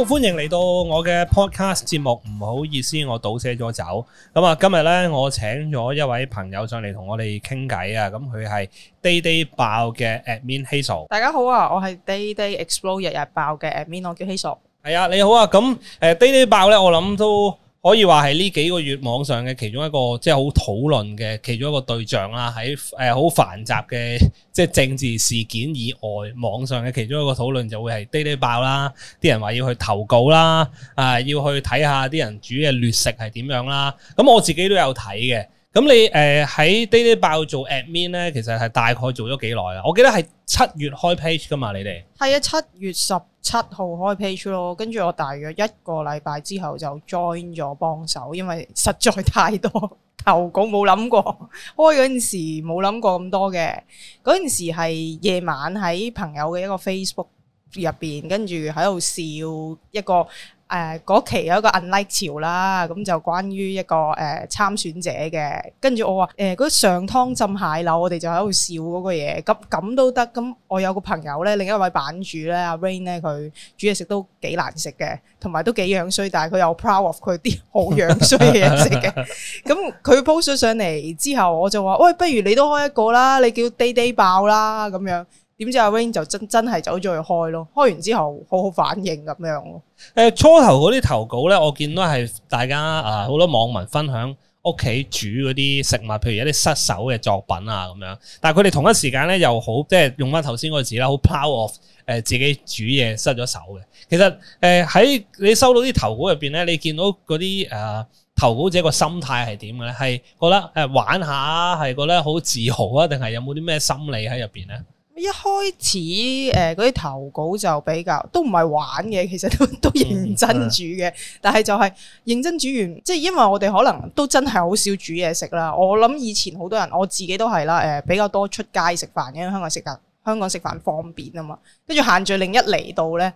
好，歡迎嚟到我嘅 podcast 節目，唔好意思，我倒瀉咗走。咁、嗯、啊，今日咧我請咗一位朋友上嚟同我哋傾偈啊。咁佢係 day day 爆嘅 admin Hazel。大家好啊，我係 Day Day Explode 日日爆嘅 admin，我叫 Hazel。係啊，你好啊。咁誒、呃、day day 爆咧，我諗都。可以話係呢幾個月網上嘅其中一個即係好討論嘅其中一個對象啦，喺誒好繁雜嘅即係政治事件以外，網上嘅其中一個討論就會係 Day Day 爆啦，啲人話要去投稿啦，啊、呃、要去睇下啲人煮嘅劣食係點樣啦，咁我自己都有睇嘅。咁你誒喺 Day Day 爆做 admin 咧，其實係大概做咗幾耐啊？我記得係七月開 page 噶嘛，你哋係啊，七月十。七號開 page 咯，跟住我大約一個禮拜之後就 join 咗幫手，因為實在太多投稿冇諗過開嗰陣時冇諗過咁多嘅，嗰陣時係夜晚喺朋友嘅一個 Facebook 入邊，跟住喺度笑一個。誒嗰、uh, 期有一個 unlike 潮啦，咁就關於一個誒、uh, 參選者嘅，跟住我話誒嗰上湯浸蟹柳，我哋就喺度笑嗰個嘢，咁咁都得。咁我有個朋友咧，另一位版主咧，阿 Rain 咧，佢煮嘢食都幾難食嘅，同埋都幾樣衰，但係佢又 proud of 佢啲好樣衰嘅嘢食嘅。咁佢 post 咗上嚟之後，我就話：喂，不如你都開一個啦，你叫 Day Day 爆啦咁樣。點知阿 Wing 就真真係走咗去開咯，開完之後好好反應咁樣咯。誒、呃，初頭嗰啲投稿咧，我見到係大家啊好、呃、多網民分享屋企煮嗰啲食物，譬如一啲失手嘅作品啊咁樣。但係佢哋同一時間咧又好，即係用翻頭先嗰個字啦，好 proud of 誒自己煮嘢失咗手嘅。其實誒喺、呃、你收到啲投稿入邊咧，你見到嗰啲誒投稿者個心態係點嘅咧？係覺得誒、呃、玩下，係覺得好自豪啊？定係有冇啲咩心理喺入邊咧？一開始誒嗰啲投稿就比較都唔係玩嘅，其實都都認真煮嘅。但係就係認真煮完，即係因為我哋可能都真係好少煮嘢食啦。我諗以前好多人，我自己都係啦，誒，比較多出街食飯，因為香港食飯，香港食飯方便啊嘛。跟住限聚令一嚟到呢，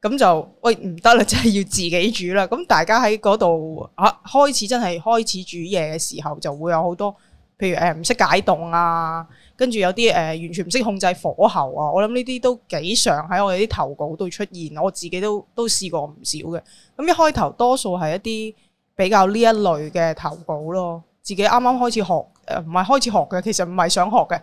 咁就喂，唔得啦，真係要自己煮啦。咁大家喺嗰度啊，開始真係開始煮嘢嘅時候，就會有好多譬如誒唔識解凍啊。跟住有啲誒、呃、完全唔識控制火候啊！我諗呢啲都幾常喺我哋啲投稿度出現，我自己都都試過唔少嘅。咁一開頭多數係一啲比較呢一類嘅投稿咯，自己啱啱開始學誒，呃、唔係開始學嘅，其實唔係想學嘅，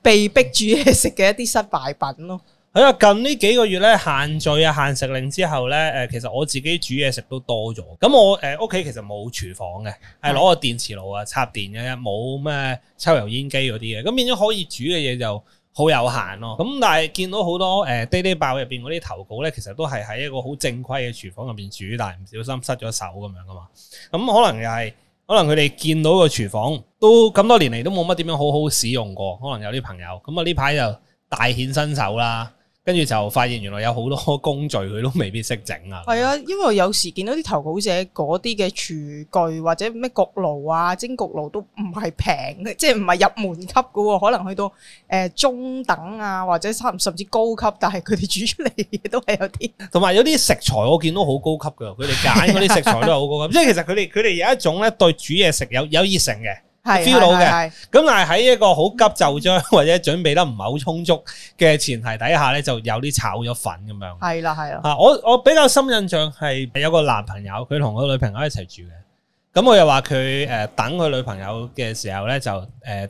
被逼煮嘢食嘅一啲失敗品咯。啊！近呢幾個月咧，限聚啊、限食令之後咧，誒、呃，其實我自己煮嘢食都多咗。咁我誒屋企其實冇廚房嘅，係、呃、攞個電磁爐啊，插電嘅，冇咩抽油煙機嗰啲嘅。咁變咗可以煮嘅嘢就好有限咯、啊。咁但係見到好多誒 Day Day、呃、爆入邊嗰啲投稿咧，其實都係喺一個好正規嘅廚房入邊煮，但係唔小心失咗手咁樣㗎嘛。咁可能又、就、係、是、可能佢哋見到個廚房都咁多年嚟都冇乜點樣好好使用過，可能有啲朋友咁啊呢排就大顯身手啦～跟住就發現原來有好多工序，佢都未必識整啊！係啊，因為有時見到啲投稿者嗰啲嘅廚具或者咩焗爐啊、蒸焗爐都唔係平嘅， 即係唔係入門級嘅喎，可能去到誒、呃、中等啊，或者差甚至高級，但係佢哋煮出嚟嘢都係有啲。同埋有啲食材我見到好高級嘅，佢哋揀嗰啲食材都係好高級，即係 其實佢哋佢哋有一種呢對煮嘢食有有熱誠嘅。feel 到嘅，咁但係喺一個好急就章或者準備得唔係好充足嘅前提底下咧，就有啲炒咗粉咁樣。係啦，係啦。啊，我我比較深印象係有個男朋友，佢同佢女朋友一齊住嘅，咁、嗯、我又話佢誒等佢女朋友嘅時候咧，就誒誒、呃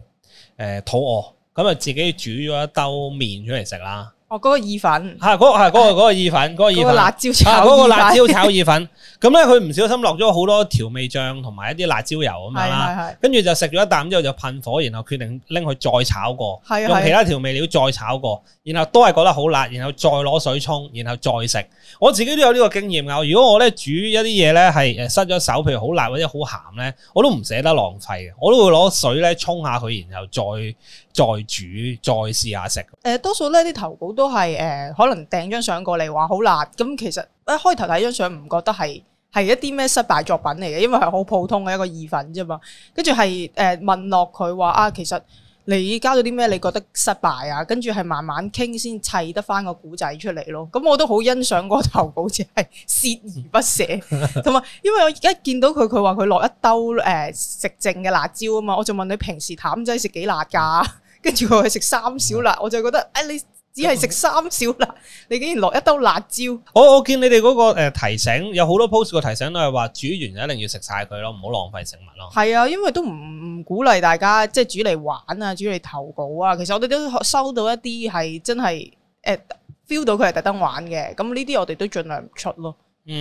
呃、肚餓，咁、嗯、啊自己煮咗一兜麵出嚟食啦。嗰個意粉，嚇嗰、啊嗰個嗰個嗰個意粉，嗰、嗰個意粉，嗰、啊嗰個辣椒炒意粉，啊嗰個、辣椒炒意粉。咁呢，佢唔小心落咗好多調味醬同埋一啲辣椒油咁樣啦，跟住 就食咗一啖之後就噴火，然後決定拎佢再炒過， 用其他調味料再炒過，然後都係覺得好辣，然後再攞水沖，然後再食。我自己都有呢個經驗啊。如果我呢煮一啲嘢呢，係失咗手，譬如好辣或者好鹹呢，我都唔捨得浪費嘅，我都會攞水呢沖下佢，然後再再煮再試下食。誒、呃、多數咧啲投稿都～都係誒、呃，可能掟張相過嚟話好辣，咁其實、啊、一開頭睇張相唔覺得係係一啲咩失敗作品嚟嘅，因為係好普通嘅一個意粉啫嘛。跟住係誒問落佢話啊，其實你加咗啲咩？你覺得失敗啊？跟住係慢慢傾先砌得翻個古仔出嚟咯。咁我都好欣賞嗰頭，好似係鍥而不捨。同埋， 因為我一見到佢，佢話佢落一兜誒、呃、食剩嘅辣椒啊嘛，我就問你平時譚仔食幾辣噶？跟住佢食三小辣，我就覺得誒你。哎哎只係食三小辣，你竟然落一兜辣椒？我我見你哋嗰個誒，提醒，有好多 post 個提醒都係話煮完一定要食晒佢咯，唔好浪費食物咯。係啊，因為都唔鼓勵大家即係煮嚟玩啊，煮嚟投稿啊。其實我哋都收到一啲係真係誒 feel 到佢係特登玩嘅，咁呢啲我哋都盡量唔出咯。嗯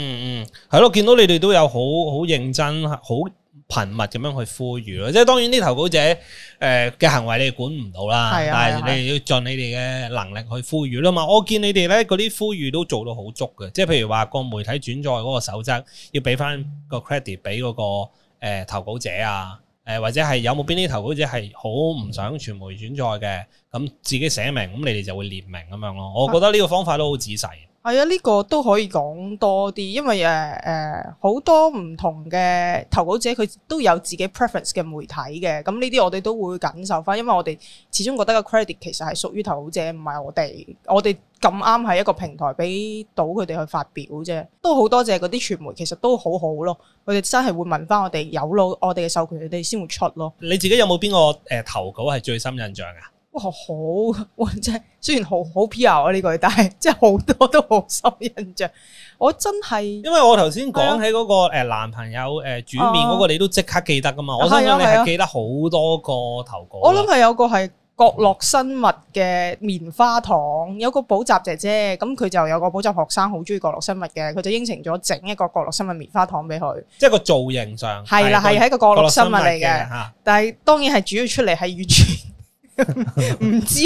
嗯，係咯，見到你哋都有好好認真，好。頻密咁樣去呼籲咯，即係當然啲投稿者誒嘅行為你管唔到啦，是啊、但係你要盡你哋嘅能力去呼籲啦嘛。是啊、我見你哋咧嗰啲呼籲都做到好足嘅，即係譬如話個媒體轉載嗰個守則要俾翻個 credit 俾嗰個誒投稿者啊，誒、嗯、或者係有冇邊啲投稿者係好唔想傳媒轉載嘅，咁、嗯、自己寫明，咁你哋就會列明咁樣咯。我覺得呢個方法都好仔細。係啊，呢、哎呢個都可以講多啲，因為誒誒好多唔同嘅投稿者佢都有自己 preference 嘅媒體嘅，咁呢啲我哋都會感受翻，因為我哋始終覺得個 credit 其實係屬於投稿者，唔係我哋，我哋咁啱喺一個平台俾到佢哋去發表啫，都好多謝嗰啲傳媒，其實都好好咯，佢哋真係會問翻我哋有冇我哋嘅授權，佢哋先會出咯。你自己有冇邊個誒、呃、投稿係最深印象啊？哦、好哇好哇，係雖然好好 P R 啊，呢句，PR，但係真係好多都好深印象。我真係因為我頭先講起嗰個誒男朋友誒煮麵嗰、嗰個，啊、你都即刻記得噶嘛？我相信你係記得好多個投稿。我諗係有個係角落生物嘅棉花糖，有個補習姐姐咁，佢就有個補習學生好中意角落生物嘅，佢就應承咗整一個角落生物棉花糖俾佢。即係個造型上係啦，係喺的個角落生物嚟嘅，啊、但係當然係主要出嚟係完全。 唔 知，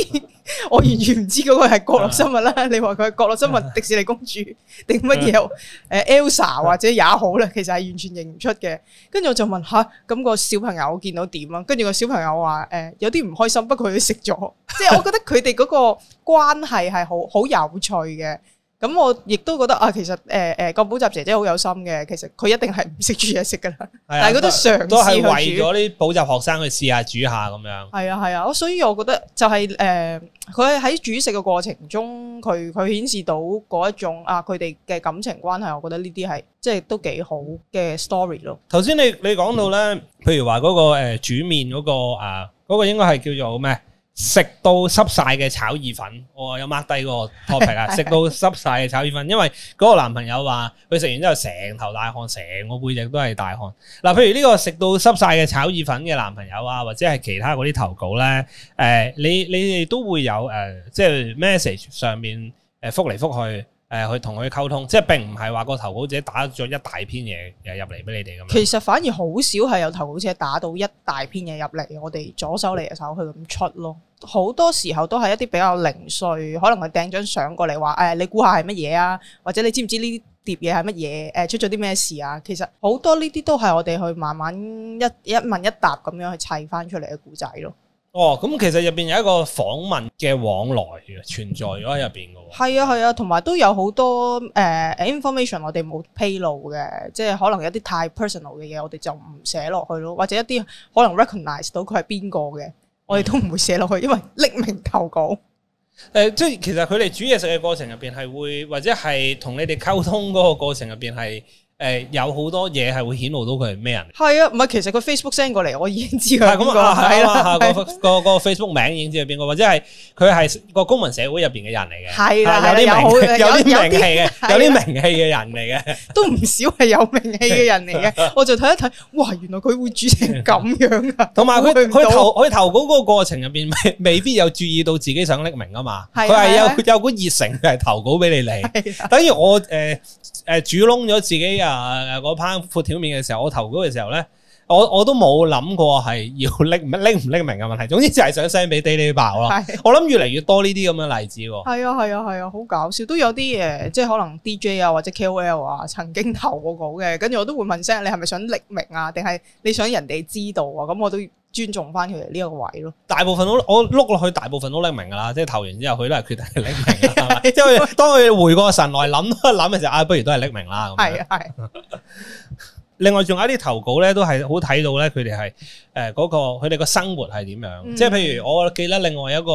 我完全唔知嗰個係角落生物啦。你話佢係角落生物，迪士尼公主定乜嘢？誒，Elsa 或者也好啦。其實係完全認唔出嘅。跟住我就問下，咁、啊個小朋友見到點啊？跟住個小朋友話，誒、欸，有啲唔開心，不過佢食咗。即係我覺得佢哋嗰個關係係好好有趣嘅。咁我亦都覺得啊，其實誒誒個補習姐姐好有心嘅，其實佢一定係唔識煮嘢食噶啦，係，但係佢都嘗都係為咗啲補習學生去試下煮下咁樣。係啊係啊。所以我覺得就係誒，佢喺煮食嘅過程中，佢佢顯示到嗰一種啊，佢哋嘅感情關係，我覺得呢啲係即係都幾好嘅 story 咯。頭先、嗯、你你講到咧，譬如話嗰個誒煮麵嗰個啊，嗰個應該係叫做咩？食到濕晒嘅炒意粉，我有 mark 低個 topic 啊！食到濕晒嘅炒意粉， 因為嗰個男朋友話佢食完之後成頭大汗，成個背脊都係大汗。嗱，譬如呢個食到濕晒嘅炒意粉嘅男朋友啊，或者係其他嗰啲投稿咧，誒、呃，你你哋都會有誒、呃，即係 message 上面誒、呃、覆嚟覆去，誒、呃、去同佢溝通，即係並唔係話個投稿者打咗一大篇嘢入嚟俾你哋咁。其實反而好少係有投稿者打到一大篇嘢入嚟，我哋左手嚟右手去咁出咯。好多時候都係一啲比較零碎，可能佢掟張相過嚟話，誒、哎，你估下係乜嘢？啊？或者你知唔知呢碟嘢係乜嘢？誒，出咗啲咩事啊？其實好多呢啲都係我哋去慢慢一一問一答咁樣去砌翻出嚟嘅故仔咯。哦，咁、嗯、其實入邊有一個訪問嘅往來存在咗喺入邊嘅，係啊係啊，同埋都有好多誒誒、呃、information 我哋冇披露嘅，即係可能有啲太 personal 嘅嘢我哋就唔寫落去咯，或者一啲可能 recognize 到佢係邊個嘅。我哋都唔會寫落去，因為匿名投稿。誒、嗯，即係其實佢哋煮嘢食嘅過程入邊係會，或者係同你哋溝通嗰個過程入邊係。誒、呃，有好多嘢係會顯露到佢係咩人？係啊，唔係其實佢 Facebook send 過嚟，我已經知佢係邊個係啦。個個 Facebook 名已經知佢係邊個，或者係佢係個公民社會入邊嘅人嚟嘅。係啦的，有啲名，有啲名氣嘅，有啲名氣嘅人嚟嘅，都唔少係有名氣嘅人嚟嘅。 嗯、我就睇一睇，哇，原來佢會煮成咁樣啊！同埋佢投佢投稿嗰個過程入邊，未必有注意到自己想匿名啊嘛。佢係有有股熱誠嚟投稿俾你嚟，的等於我誒誒、呃、煮窿咗自己啊！啊！嗰批闊條麵嘅時候，我投稿嘅時候咧，我我都冇諗過係要匿唔匿唔匿名嘅問題。總之就係想 send 俾 Day Day 爆咯。我諗越嚟越多呢啲咁嘅例子。係啊係啊係啊，好搞笑。都有啲誒，即係可能 DJ 啊或者 KOL 啊，曾經投過稿嘅，跟住我都會問聲你係咪想匿名啊，定係你想人哋知道啊？咁我都。尊重翻佢哋呢一個位咯，大部分都我碌落去，大部分都匿名噶啦。即係投完之後，佢都係決定匿名㗎啦。 因為當佢回過神來諗一諗嘅時候，啊，不如都係匿名啦。係啊，係。 另外仲有一啲投稿咧，都係好睇到咧，佢哋係誒嗰個佢哋個生活係點樣。嗯、即係譬如，我記得另外一個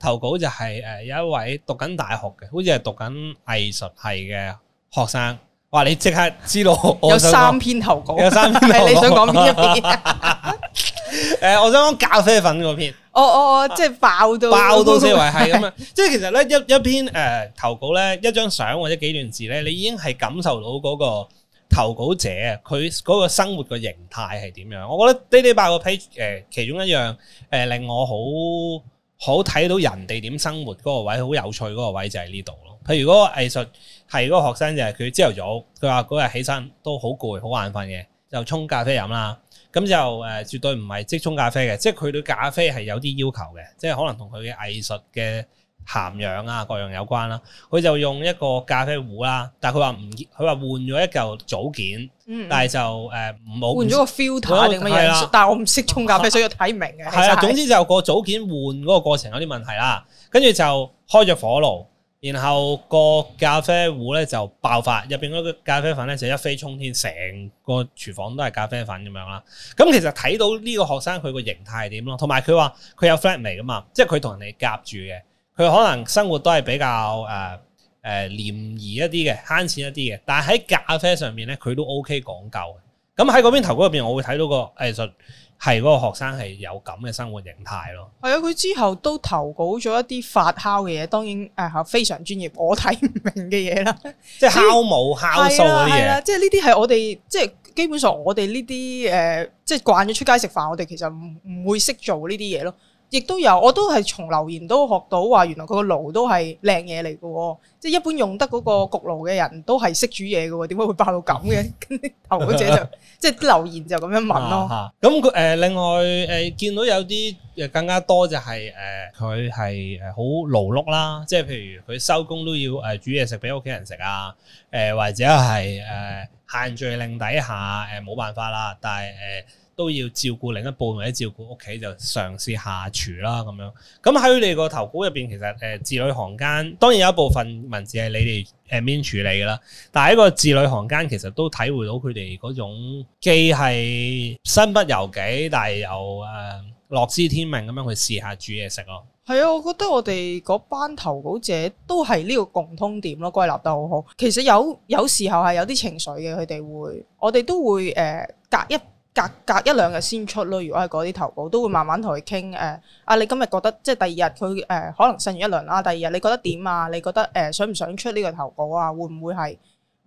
投稿就係誒，有一位讀緊大學嘅，好似係讀緊藝術系嘅學生，話你即刻知道 有三篇投稿， 有三篇，係 你想講邊一篇？ 誒，我想講咖啡粉嗰篇，哦哦，即係爆到爆到思維係咁樣！即係其實咧一一篇誒投稿咧，一張相或者幾段字咧，你已經係感受到嗰個投稿者佢嗰個生活嘅形態係點樣。我覺得呢啲爆 page 嗰批誒，其中一樣誒令我好好睇到人哋點生活嗰個位，好有趣嗰個位就喺呢度咯。譬如嗰個藝術系嗰個學生就係佢朝頭早，佢話嗰日起身都好攰，好眼瞓嘅，就沖咖啡飲啦。咁、嗯嗯、就誒，絕對唔係即沖咖啡嘅，即係佢對咖啡係有啲要求嘅，即、就、係、是、可能同佢嘅藝術嘅涵養啊各樣有關啦。佢就用一個咖啡壺啦，但係佢話唔，佢話換咗一嚿組件，但係就誒唔好，呃、換咗個 filter 定乜嘢？但係我唔識沖咖啡，所以睇唔明嘅。係啦、啊啊，總之就個組件換嗰個過程有啲問題啦，跟住就開咗火爐。然後、那個咖啡壺咧就爆發，入邊嗰個咖啡粉咧就一飛沖天，成個廚房都係咖啡粉咁樣啦。咁、嗯、其實睇到呢個學生佢個形態係點咯，同埋佢話佢有，有 flat 嚟噶嘛，即係佢同人哋夾住嘅，佢可能生活都係比較誒誒、呃呃、廉宜一啲嘅，慳錢一啲嘅。但係喺咖啡上面咧，佢都 O K 講究嘅。咁喺嗰邊頭嗰入邊，我會睇到個藝術。欸係嗰、嗰個學生係有咁嘅生活形態咯，係啊！佢之後都投稿咗一啲發酵嘅嘢，當然誒、呃，非常專業，我睇唔明嘅嘢啦，即係酵母、酵素嗰啲嘢，即係呢啲係我哋即係基本上我哋呢啲誒，即係慣咗出街食飯，我哋其實唔唔會識做呢啲嘢咯。亦都有，我都係從留言都學到話，原來佢個爐都係靚嘢嚟嘅，即係一般用得嗰個焗爐嘅人都係識煮嘢嘅。哦，點解會爆到咁嘅？跟啲 頭者就即係留言就咁樣問咯、 啊。咁佢誒另外誒、呃、見到有啲誒更加多就係誒佢係誒好勞碌啦，即係譬如佢收工都要誒、呃、煮嘢食俾屋企人食啊，誒、呃、或者係誒、呃、限聚令底下誒冇、呃、辦法啦，但係誒。呃都要照顧另一半或者照顧屋企，就嘗試下廚啦咁樣。咁喺佢哋個投稿入邊，其實誒字裏行間，當然有一部分文字係你哋誒面處理嘅啦。但係呢個字裏行間，其實都體會到佢哋嗰種既係身不由己，但係又誒、呃、樂知天命咁樣去試下煮嘢食咯。係啊，我覺得我哋嗰班投稿者都係呢個共通點咯，歸納得好好。其實有有時候係有啲情緒嘅，佢哋會我哋都會誒、呃、隔一隔隔一兩日先出咯，如果係嗰啲投稿，都會慢慢同佢傾。誒，啊，你今日覺得即係第二日佢誒，可能信完一輪啦、啊，第二日你覺得點啊？你覺得誒、呃，想唔想出呢個投稿啊？會唔會係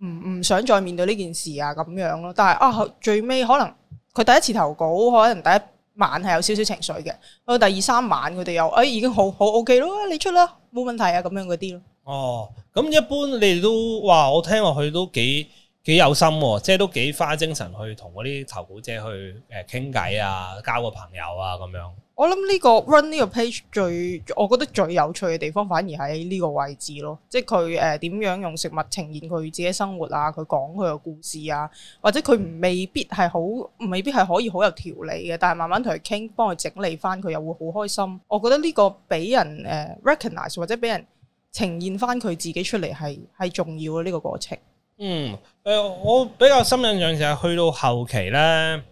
唔唔想再面對呢件事啊？咁樣咯。但係啊，最尾可能佢第一次投稿可能第一晚係有少少情緒嘅。到第二三晚，佢哋又誒，已經好好 OK 咯，你出啦，冇問題啊，咁樣嗰啲咯。哦，咁一般你都哇，我聽落去都幾。幾有心，即係都幾花精神去同嗰啲投稿者去誒傾偈啊，交個朋友啊咁樣我、呢個。我諗呢個 run 呢個 page 最，我覺得最有趣嘅地方，反而喺呢個位置咯。即係佢誒點樣用食物呈現佢自己生活啊，佢講佢嘅故事啊，或者佢未必係好、嗯，未必係可以好有條理嘅。但係慢慢同佢傾，幫佢整理翻，佢又會好開心。我覺得呢個俾人誒、呃、recognize 或者俾人呈現翻佢自己出嚟係係重要嘅呢、呢個過程。嗯，誒、呃，我比較深印象就係去到後期咧，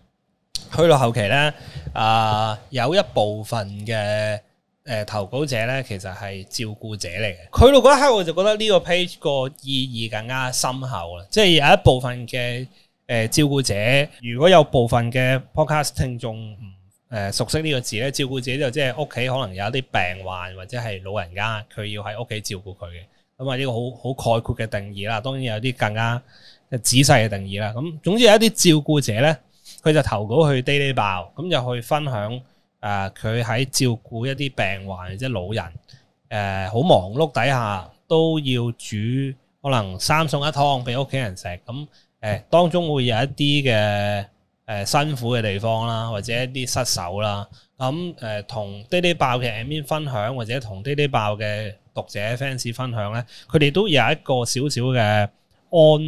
去到後期咧，啊、呃，有一部分嘅誒、呃、投稿者咧，其實係照顧者嚟嘅。去到嗰一刻，我就覺得呢個 page 個意義更加深厚啦。即係有一部分嘅誒、呃、照顧者，如果有部分嘅 podcast 聽眾唔誒熟悉呢個字咧，照顧者就即係屋企可能有一啲病患或者係老人家，佢要喺屋企照顧佢嘅。咁啊，呢個好好概括嘅定義啦。當然有啲更加仔細嘅定義啦。咁總之有一啲照顧者咧，佢就投稿去日日爆，咁就去分享誒佢喺照顧一啲病患或者老人誒，好忙碌底下都要煮可能三餸一湯俾屋企人食。咁誒當中會有一啲嘅誒辛苦嘅地方啦，或者一啲失手啦。咁誒同日日爆嘅 Admin 分享，或者同日日爆嘅讀者 fans 分享咧，佢哋都有一個少少嘅安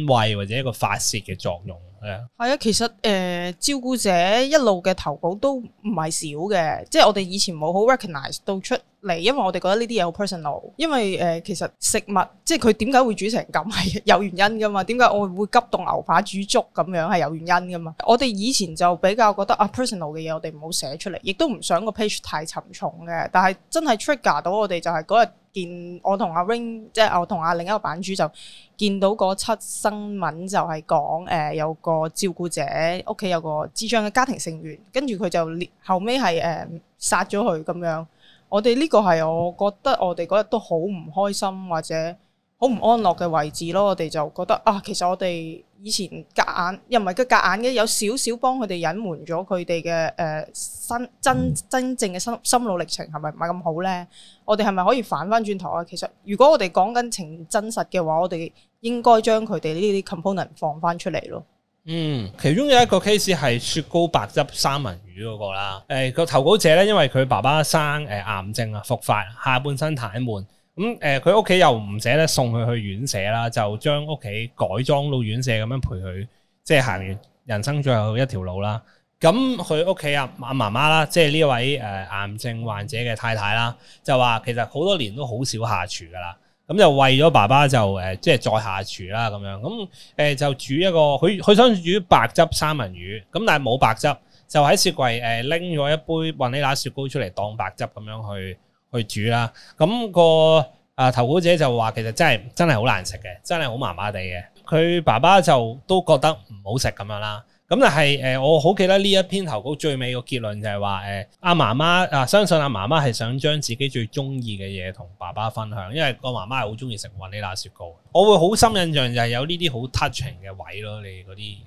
慰或者一個發泄嘅作用啊，係啊，其實誒、呃、照顧者一路嘅投稿都唔係少嘅，即係我哋以前冇好 recognize 到出嚟，因為我哋覺得呢啲嘢好 personal。因為誒、呃、其實食物即係佢點解會煮成咁係有原因噶嘛？點解我會急凍牛扒煮粥咁樣係有原因噶嘛？我哋以前就比較覺得啊 personal 嘅嘢我哋唔好寫出嚟，亦都唔想個 page 太沉重嘅。但係真係 trigger 到我哋就係嗰日。見我同阿 Ring，即係我同阿另一個版主就見到嗰七新聞，就係講誒有個照顧者屋企有個智障嘅家庭成員，跟住佢就後尾係誒殺咗佢咁樣。我哋呢個係我覺得我哋嗰日都好唔開心或者，好唔安樂嘅位置咯，我哋就覺得啊，其實我哋以前夾硬，又唔係佢夾硬嘅，有少少幫佢哋隱瞞咗佢哋嘅誒，真真真正嘅心心路歷程係咪唔係咁好呢？我哋係咪可以反翻轉頭啊？其實如果我哋講緊情真實嘅話，我哋應該將佢哋呢啲 component 放翻出嚟咯。嗯，其中有一個 case 係雪糕白汁三文魚嗰個啦。誒、呃，個投稿者呢，因為佢爸爸生誒、呃、癌症啊，復發，下半身癱瘓。咁誒，佢屋企又唔捨得送佢去院舍啦，就將屋企改裝到院舍咁樣陪佢，即係行完人生最後一條路啦。咁佢屋企阿阿媽媽啦，即係呢位誒、呃、癌症患者嘅太太啦，就話其實好多年都好少下廚噶啦，咁、嗯、就為咗爸爸就誒、呃、即係再下廚啦咁樣。咁、嗯、誒、呃、就煮一個，佢佢想煮白汁三文魚，咁但係冇白汁，就喺雪櫃誒拎咗一杯雲呢拿雪糕出嚟當白汁咁樣去。去煮啦，咁個啊投稿者就話其實真係真係好難食嘅，真係好麻麻地嘅。佢爸爸就都覺得唔好食咁樣啦。咁但係誒、呃，我好記得呢一篇投稿最尾個結論就係話誒，阿媽媽啊，相信阿媽媽係想將自己最中意嘅嘢同爸爸分享，因為個媽媽係好中意食雲呢拿雪糕。我會好深印象就係有呢啲好 touching 嘅位咯，你嗰啲誒，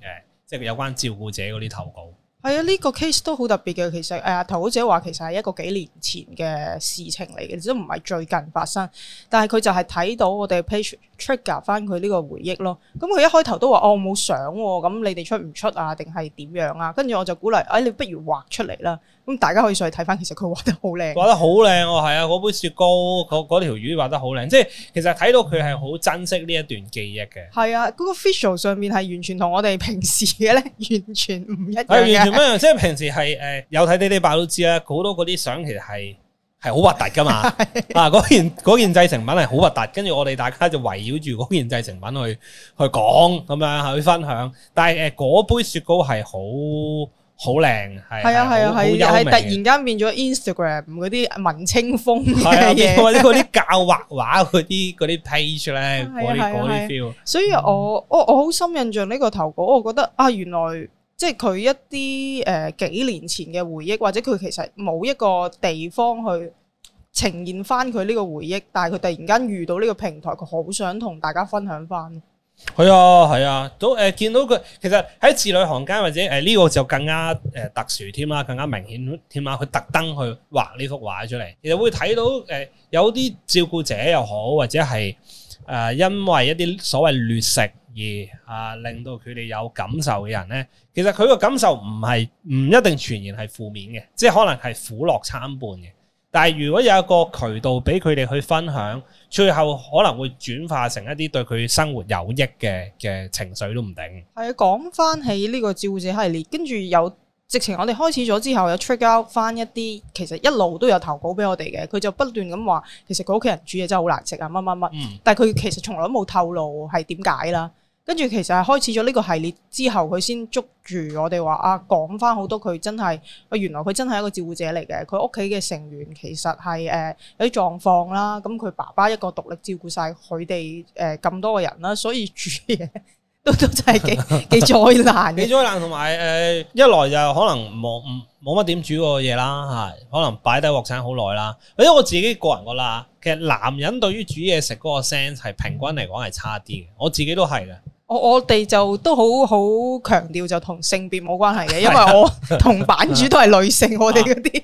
即係有關照顧者嗰啲投稿。係啊，呢、哎，這個 case 都好特別嘅。其實誒，頭嗰姐話，其實係一個幾年前嘅事情嚟嘅，都唔係最近發生。但係佢就係睇到我哋 page trigger 翻佢呢個回憶咯。咁、嗯、佢一開頭都話哦，我冇相，咁、嗯、你哋出唔出啊？定係點樣啊？跟住我就鼓勵，誒、哎，你不如畫出嚟啦。咁大家可以上去睇翻，其實佢畫得好靚，畫得好靚。係啊，嗰杯雪糕，嗰嗰條魚畫得好靚。即係其實睇到佢係好珍惜呢一段記憶嘅、哎。係啊，嗰 facial 上面係完全同我哋平時嘅咧，完全唔一樣嘅、哎。即係平時係誒有睇《日日爆》都知啦，好多嗰啲相其實係係好核突㗎嘛。啊，嗰件件製成品係好核突，跟住我哋大家就圍繞住嗰件製成品去去講咁樣去分享。但係誒，嗰、呃、杯雪糕係好好靚，係啊係啊係，係、啊、突然間變咗 Instagram 嗰啲文青風嘅嘢，呢啲教畫畫嗰啲啲 page 咧，嗰啲啲 feel。所以我，我我我好深印象呢個投稿，我覺得啊，原來。即係佢一啲誒、呃、幾年前嘅回憶，或者佢其實冇一個地方去呈現翻佢呢個回憶，但係佢突然間遇到呢個平台，佢好想同大家分享翻。係啊係啊，都誒、呃、見到佢其實喺字裏行間，或者誒呢、呃這個就更加誒、呃、特殊添啦，更加明顯添啦，佢特登去畫呢幅畫出嚟，其實會睇到誒、呃、有啲照顧者又好，或者係誒、呃、因為一啲所謂劣食。而啊，令到佢哋有感受嘅人呢，其實佢個感受唔係唔一定全然係負面嘅，即係可能係苦樂參半嘅。但係如果有一個渠道俾佢哋去分享，最後可能會轉化成一啲對佢生活有益嘅嘅情緒都唔定。係啊，講翻起呢個照顧者系列，跟住有直情我哋開始咗之後，有 trigger 翻一啲其實一路都有投稿俾我哋嘅，佢就不斷咁話，其實佢屋企人煮嘢真係好難食啊，乜乜乜。嗯。但係佢其實從來都冇透露係點解啦。跟住，其實係開始咗呢個系列之後，佢先捉住我哋話啊，講返好多佢真係啊，原來佢真係一個照顧者嚟嘅。佢屋企嘅成員其實係、呃、有啲狀況啦，咁、嗯、佢爸爸一個獨力照顧晒佢哋誒咁多個人啦，所以煮嘢都都真係幾 幾災難嘅。幾災難。同埋誒，一來就可能冇冇乜點煮過嘢啦，係可能擺低鑊鏟好耐啦。因為我自己個人覺啦，其實男人對於煮嘢食嗰個 sense 係平均嚟講係差啲嘅，我自己都係嘅。我我哋就都好好強調就同性別冇關係嘅，因為我同版主都係女性， 我哋嗰啲誒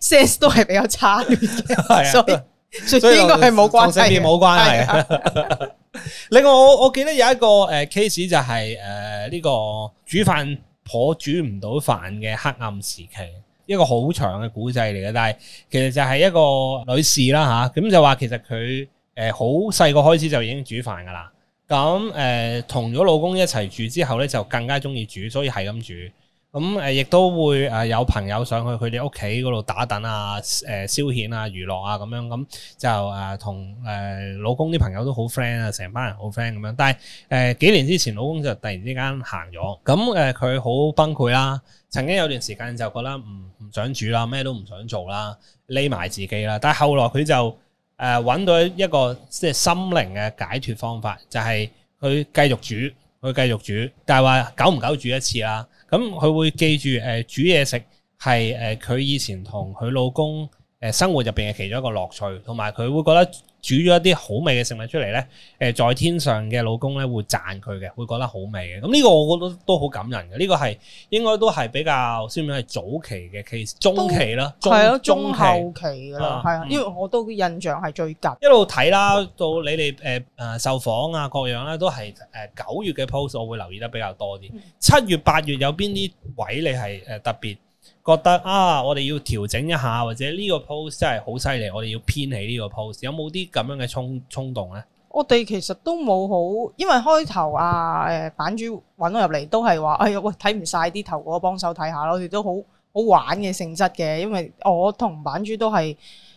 sense 都係比較差啲嘅，所以 所以應該係冇關係，冇關係。 另外，我我記得有一個誒、uh, case 就係誒呢個煮飯婆煮唔到飯嘅黑暗時期，一個好長嘅古仔嚟嘅。但係其實就係一個女士啦吓，咁、啊、就話其實佢誒好細個開始就已經煮飯噶啦。咁誒同咗老公一齊住之後咧，就更加中意煮，所以係咁煮。咁誒亦都會誒、呃、有朋友上去佢哋屋企嗰度打等啊、誒、呃、消遣啊、娛樂啊咁樣。咁、嗯、就誒同誒老公啲朋友都好 friend 啊，成班人好 friend 咁樣。但係誒幾年之前老公就突然之間行咗，咁誒佢好崩潰啦。曾經有段時間就覺得唔唔想煮啦，咩都唔想做啦，匿埋自己啦。但係後來佢就誒揾、啊、到一個即係心靈嘅解脫方法，就係佢繼續煮，佢繼續煮，但係話久唔久煮一次啦、啊。咁、嗯、佢會記住誒、呃、煮嘢食係誒佢以前同佢老公誒、呃、生活入邊嘅其中一個樂趣，同埋佢會覺得。煮咗一啲好味嘅食物出嚟咧，誒、呃、在天上嘅老公咧會讚佢嘅，會覺得好味嘅。咁、嗯、呢、這個我覺得都好感人嘅，呢、這個係應該都係比較，算唔算係早期嘅，其實中期啦，係咯，中後期噶啦，係啊，因為、嗯、我都印象係最近一路睇啦，到你哋誒誒受訪啊各樣啦，都係誒九月嘅 post，我會留意得比較多啲。七、嗯、月、八月有邊啲位你係誒特別。覺得啊，我哋要調整一下，或者呢個 post 真係好犀利，我哋要編起呢個 post 有冇啲咁樣嘅衝衝動呢？我哋其實都冇好，因為開頭啊，誒版主揾我入嚟都係話，哎呀喂，睇唔晒啲頭看看，我幫手睇下咯，我哋都好好玩嘅性質嘅，因為我同版主都係，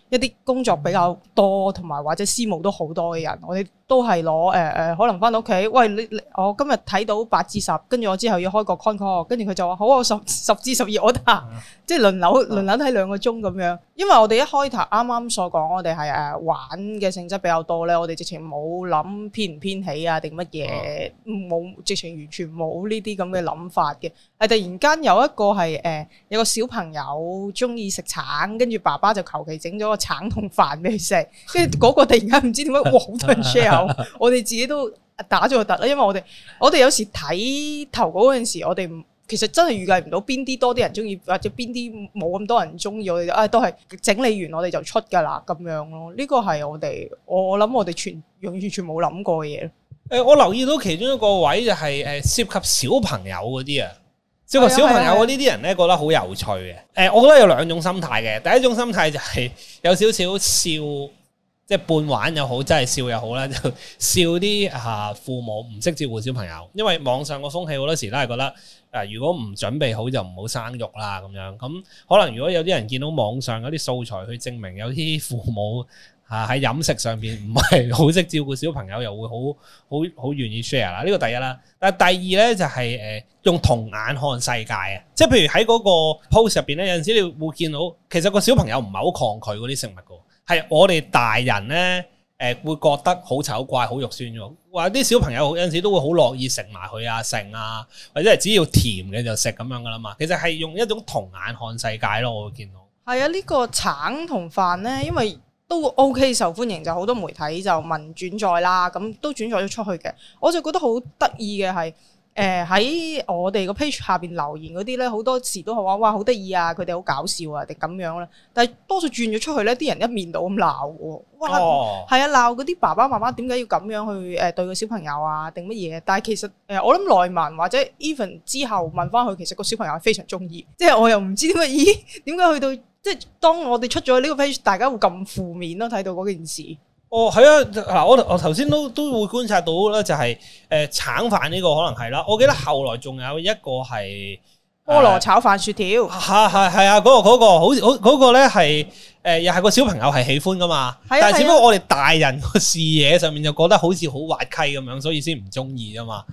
一啲工作比較多，同埋或者私務都好多嘅人，我哋都係攞誒誒可能翻到屋企，喂，你你，我今日睇到八至十，跟住我之後要開個 con call 跟住佢就話好，我十十至十二，我得，即係輪流輪流睇兩個鐘咁樣。因為我哋一開頭啱啱所講，我哋係誒玩嘅性質比較多咧，我哋直情冇諗偏唔偏起啊定乜嘢，冇直情完全冇呢啲咁嘅諗法嘅。係突然間有一個係誒、呃、有個小朋友中意食橙，跟住爸爸就求其整咗個橙同飯俾佢食，跟住嗰個突然間唔知點解，哇、 哦！好多人 share，我哋自己都打咗個突啦。因為我哋我哋有時睇頭嗰陣時，我哋唔。其實真係預計唔到邊啲多啲人中意，或者邊啲冇咁多人中意，我哋啊都係整理完我哋就出噶啦咁樣咯。呢個係我哋我我諗我哋全完全冇諗過嘅嘢。誒、欸，我留意到其中一個位就係誒涉及小朋友嗰啲啊，涉及小朋友呢啲人咧覺得好有趣嘅。誒、欸，我覺得有兩種心態嘅。第一種心態就係有少少笑，即係半玩又好，真係笑又好啦，就笑啲吓、啊、父母唔識照顧小朋友，因為網上個風氣好多時都係覺得。啊！如果唔準備好就唔好生育啦，咁樣咁、嗯、可能如果有啲人見到網上嗰啲素材去證明有啲父母啊喺飲食上邊唔係好識照顧小朋友，又會好好好願意 share 啦。呢個第一啦，但第二咧就係、是、誒、呃、用童眼看世界啊！即係譬如喺嗰個 post 入邊咧，有陣時你會見到其實個小朋友唔係好抗拒嗰啲食物噶，係我哋大人咧。誒會覺得好醜怪、好肉酸喎，或者啲小朋友有陣時都會好樂意食埋佢啊、剩啊，或者係只要甜嘅就食咁樣㗎啦嘛。其實係用一種童眼看世界咯、啊，我會見到。係啊，呢、呢個橙同飯呢，因為都 O、OK, K 受歡迎，就好多媒體就問轉載啦，咁都轉載咗出去嘅。我就覺得好得意嘅係。誒喺、呃、我哋個 page 下邊留言嗰啲咧，好多時都係話哇好得意啊，佢哋好搞笑啊定咁樣啦。但係多數轉咗出去咧，啲人一面倒咁鬧喎，係、哦、啊鬧嗰啲爸爸媽媽點解要咁樣去誒、呃、對小、啊呃、去個小朋友啊定乜嘢？但係其實誒我諗內文或者 even 之後問翻佢，其實個小朋友係非常中意。即係我又唔知點解，咦點解去到即係當我哋出咗呢個 page，大家會咁負面咯、啊？睇到嗰件事。哦，係啊！嗱，我我頭先都都會觀察到啦、就是，就係誒橙飯呢個可能係啦。我記得後來仲有一個係菠蘿炒飯雪條。吓係係啊，嗰、啊啊那個嗰、那個好似好、那個咧係誒，又係、呃、個小朋友係喜歡噶嘛。啊、但係只不過我哋大人個視野上面就覺得好似好滑稽咁樣，所以先唔中意啊嘛。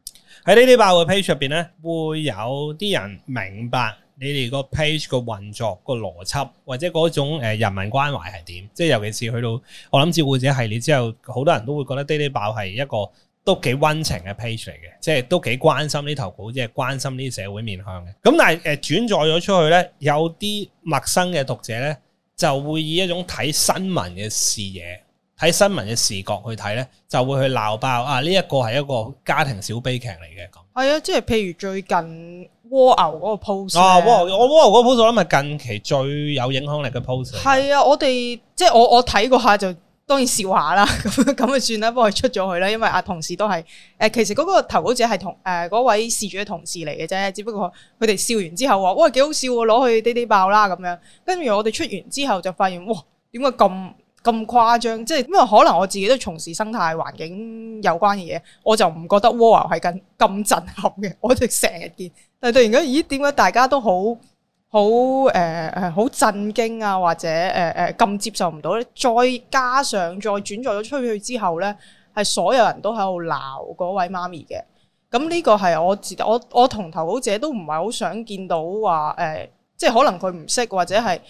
喺呢啲爆嘅 page 上邊咧，會有啲人明白。你哋個 page 個運作、嗰個邏輯，或者嗰種、呃、人民關懷係點？即係尤其是去到我諗照顧者系列之後，好多人都會覺得 Day Day 爆係一個都幾溫情嘅 page 嚟嘅，即係都幾關心呢啲投稿，即係關心呢啲社會面向嘅。咁、嗯、但係誒、呃、轉載咗出去咧，有啲陌生嘅讀者咧，就會以一種睇新聞嘅視野、睇新聞嘅視角去睇咧，就會去鬧爆啊！呢一個係一個家庭小悲劇嚟嘅咁。係啊、哎，即係譬如最近。蝸牛嗰個 pose 啊，蝸牛、哦、我蝸牛嗰個 pose，我諗係近期最有影響力嘅 pose、啊。係啊，我哋即係我我睇過下就當然笑下啦，咁咁就算啦，幫佢出咗去啦。因為阿同事都係誒、呃，其實嗰個投稿者係同誒嗰、呃、位事主嘅同事嚟嘅啫，只不過佢哋笑完之後話哇幾好笑，攞去 DD 爆啦咁樣。跟住我哋出完之後就發現哇，點解咁？咁誇張，即係因為可能我自己都從事生態環境有關嘅嘢，我就唔覺得 Walaa 係咁咁震撼嘅。我哋成日見，但係突然間，咦？點解大家都好好誒誒好震驚啊？或者誒誒咁接受唔到咧？再加上再轉載咗出去之後咧，係所有人都喺度鬧嗰位媽咪嘅。咁呢個係我自我我同投稿者都唔係好想見到話誒、呃，即係可能佢唔識或者係。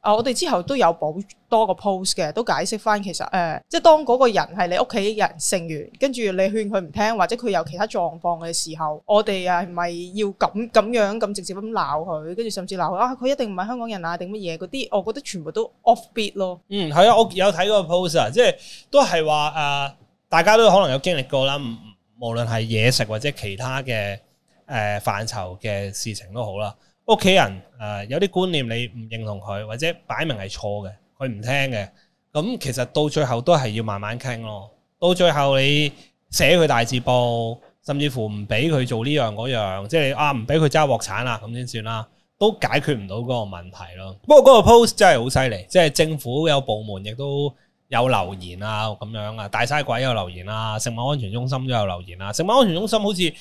啊！我哋之後都有補多個 post 嘅，都解釋返其實誒、呃，即係當嗰個人係你屋企人成員，跟住你勸佢唔聽，或者佢有其他狀況嘅時候，我哋係咪要咁咁樣咁直接咁鬧佢，跟住甚至鬧佢啊？佢一定唔係香港人啊，定乜嘢嗰啲？我覺得全部都 offbeat 咯。嗯，係啊，我有睇過個 post 啊，即係都係話啊，大家都可能有經歷過啦。無論係嘢食或者其他嘅誒、呃、範疇嘅事情都好啦。屋企人誒、呃、有啲觀念你唔認同佢，或者擺明係錯嘅，佢唔聽嘅。咁、嗯、其實到最後都係要慢慢傾咯。到最後你寫佢大字報，甚至乎唔俾佢做呢樣嗰樣，即係你啊唔俾佢揸鑊鏟啦，咁先算啦，都解決唔到嗰個問題咯。不過嗰個 post 真係好犀利，即係政府有部門亦都有留言啊，咁樣啊，大嘥鬼有留言啊，食物安全中心都有留言啊，食物安全中心好似。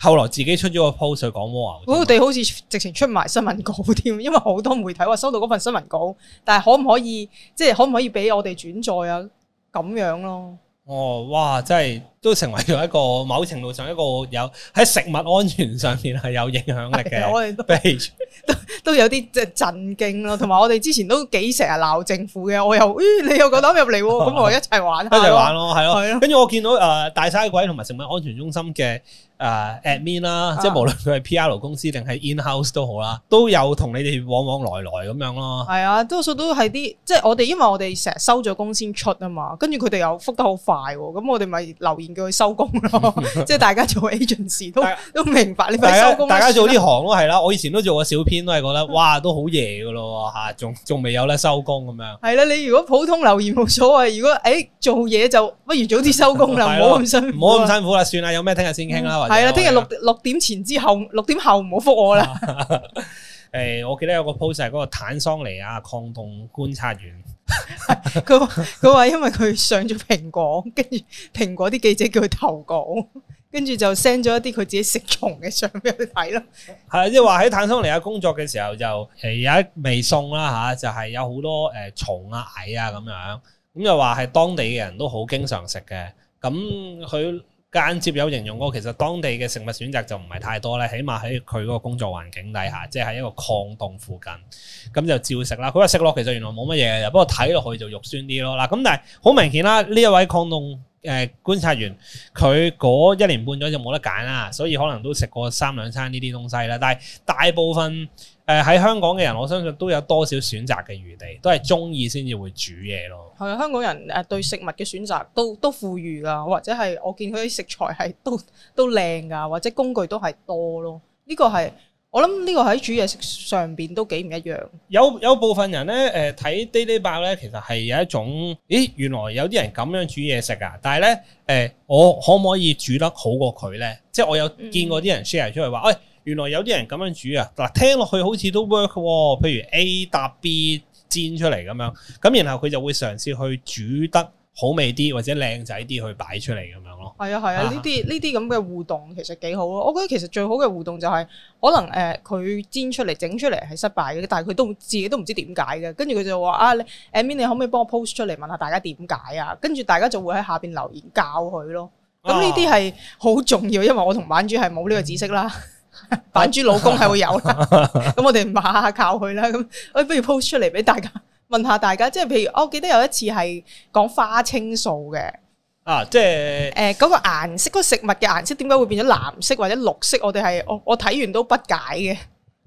後來自己出咗個 post 去講喎，我哋好似直情出埋新聞稿添，因為好多媒體話收到嗰份新聞稿，但係可唔可以即係可唔可以俾我哋轉載啊？咁樣咯。哦，哇！真係～都成為咗一個某程度上一個有喺食物安全上面係有影響力嘅，我哋都 都，都有啲即係震驚咯。同埋 我哋之前都幾成日鬧政府嘅，我又咦、嗯，你又夠膽入嚟喎，咁 我一齊玩一齊玩咯，係、啊、咯，係咯、啊。跟住、啊、我見到誒、呃、大曬鬼同埋食物安全中心嘅誒 admin 啦，呃 ad min，啊嗯、即係無論佢係 PR 公司定係 in house 都好啦，都有同你哋往往來來咁樣咯。係 啊，多數都係啲即係我哋，因為我哋成日收咗工先出啊嘛，跟住佢哋又覆得好快喎，咁我哋咪留言。叫佢收工咯， 即係大家做 agency 都的都明白你份收工。大家，了大家做呢行咯，係啦。我以前都做過小編，都係覺得哇，都好夜噶咯吓，仲仲未有咧收工咁樣。係啦，你如果普通留言冇所謂，如果誒、欸、做嘢，就不如早啲收工啦，唔好咁辛，唔好咁辛苦啦，算啦。有咩聽日先傾啦，或者係啦，聽日六六點前之後六點後唔好覆我啦。誒、 欸，我記得有個 post 係嗰、那個坦桑尼亞抗凍觀察員。嗯佢佢話因為佢上咗蘋果，跟住蘋果啲記者叫佢投稿，跟住就 send 咗一啲佢自己食蟲嘅相俾佢睇咯。係即係話喺坦桑尼亞工作嘅時候，就誒有一味餸啦吓，就係、是、有好多誒蟲、呃、啊蟻啊咁樣，咁又話係當地嘅人都好經常食嘅，咁佢。間接有形容過其實當地嘅食物選擇就唔係太多咧，起碼喺佢嗰個工作環境底下，即係喺一個礦洞附近，咁就照食啦。佢話食落其實原來冇乜嘢，不過睇落去就肉酸啲咯。嗱，咁但係好明顯啦，呢一位礦洞誒、呃、觀察員，佢嗰一年半載就冇得揀啦，所以可能都食過三兩餐呢啲東西啦。但係大部分。誒，喺、呃、香港嘅人，我相信都有多少選擇嘅餘地，都係中意先至會煮嘢咯。係啊，香港人誒、呃，對食物嘅選擇都都富裕噶，或者係我見佢啲食材係都都靚噶，或者工具都係多咯。呢、這個係我諗呢個喺煮嘢食上邊都幾唔一樣。有有部分人咧，誒、呃，睇 Day Day 爆咧，其實係有一種，咦，原來有啲人咁樣煮嘢食啊！但係咧，誒、呃，我可唔可以煮得好過佢咧？即係我有、嗯、見過啲人 share 出嚟話，誒、哎。原來有啲人咁樣煮啊！嗱，聽落去好似都 work 喎。譬如 A 搭 B 煎出嚟咁樣，咁然後佢就會嘗試去煮得好味啲或者靚仔啲去擺出嚟咁樣咯。係啊，係啊，呢啲呢啲咁嘅互動其實幾好咯。我覺得其實最好嘅互動就係、是、可能誒佢、呃、煎出嚟整出嚟係失敗嘅，但係佢都自己都唔知點解嘅。跟住佢就話啊，阿 Min、啊、你可唔可以幫我 post 出嚟問下大家點解啊？跟住大家就會喺下邊留言教佢咯。咁呢啲係好重要，因為我同版主係冇呢個知識啦。嗯版主老公係會有啦，咁 我哋馬下靠佢啦。咁我哋不如 post 出嚟俾大家問下大家，即係譬如我記得有一次係講花青素嘅，啊，即係誒嗰個顏色嗰、那個、食物嘅顏色點解會變咗藍色或者綠色？我哋係我我睇完都不解嘅。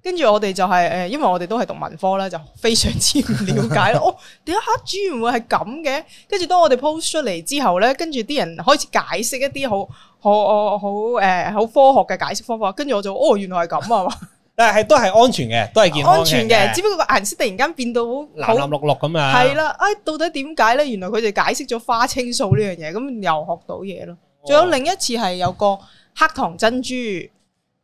跟住我哋就係、是、誒，因為我哋都係讀文科咧，就非常之唔了解咯。 哦，點解黑豬唔會係咁嘅？跟住當我哋 post 出嚟之後咧，跟住啲人開始解釋一啲好好好誒，好、欸、科學嘅解釋方法。跟住我就哦，原來係咁啊！但係 都係安全嘅，都係健康嘅，安全嘅，只不過個顏色突然間變到藍藍綠綠咁啊！係啦，誒、哎，到底點解咧？原來佢哋解釋咗花青素呢樣嘢，咁又學到嘢咯。仲有另一次係有個黑糖珍珠。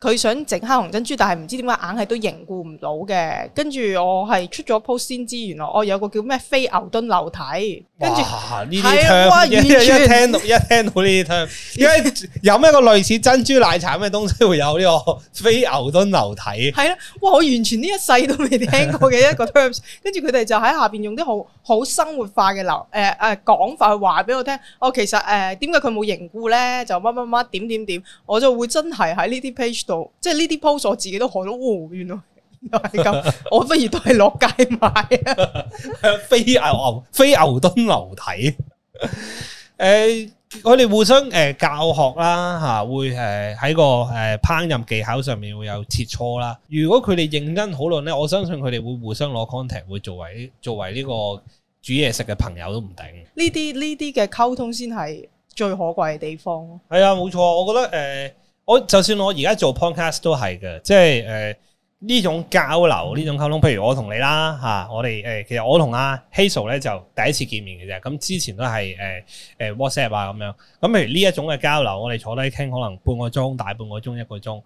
佢想整黑紅珍珠，但係唔知點解硬係都凝固唔到嘅。跟住我係出咗 post 先知道，原來我有個叫咩非牛頓流體。跟住，呢啲 term，一聽到一聽到呢啲 term，依家有咩個類似珍珠奶茶咩東西會有呢個非牛頓流體？係咯，哇！我完全呢一世都未聽過嘅 一個 term。跟住佢哋就喺下邊用啲好好生活化嘅流誒誒講法去話俾我聽。我、哦、其實誒點解佢冇凝固咧？就乜乜乜點點點，我就會真係喺呢啲 page 度，即係呢啲 post 我自己都學到喎、哦、原來。係咁，我不如都係落街買啊！非牛牛，非牛頓流體。誒、 欸，我哋互相誒、呃、教學啦，吓、啊、會誒喺個誒、呃、烹飪技巧上面會有切磋啦。如果佢哋認真討論咧，我相信佢哋會互相攞 contact 會作為作為呢個煮嘢食嘅朋友都唔定。呢啲呢啲嘅溝通先係最可貴嘅地方。係啊，冇錯。我覺得誒、呃，我就算我而家做 podcast 都係嘅，即係誒。呃呢種交流，呢種溝通，譬如我同你啦吓、啊，我哋誒，其實我同阿、ah、Hazel 咧就第一次見面嘅啫。咁之前都係誒誒 WhatsApp 啊咁樣。咁譬如呢一種嘅交流，我哋坐低傾可能半個鐘，大半個鐘一個鐘、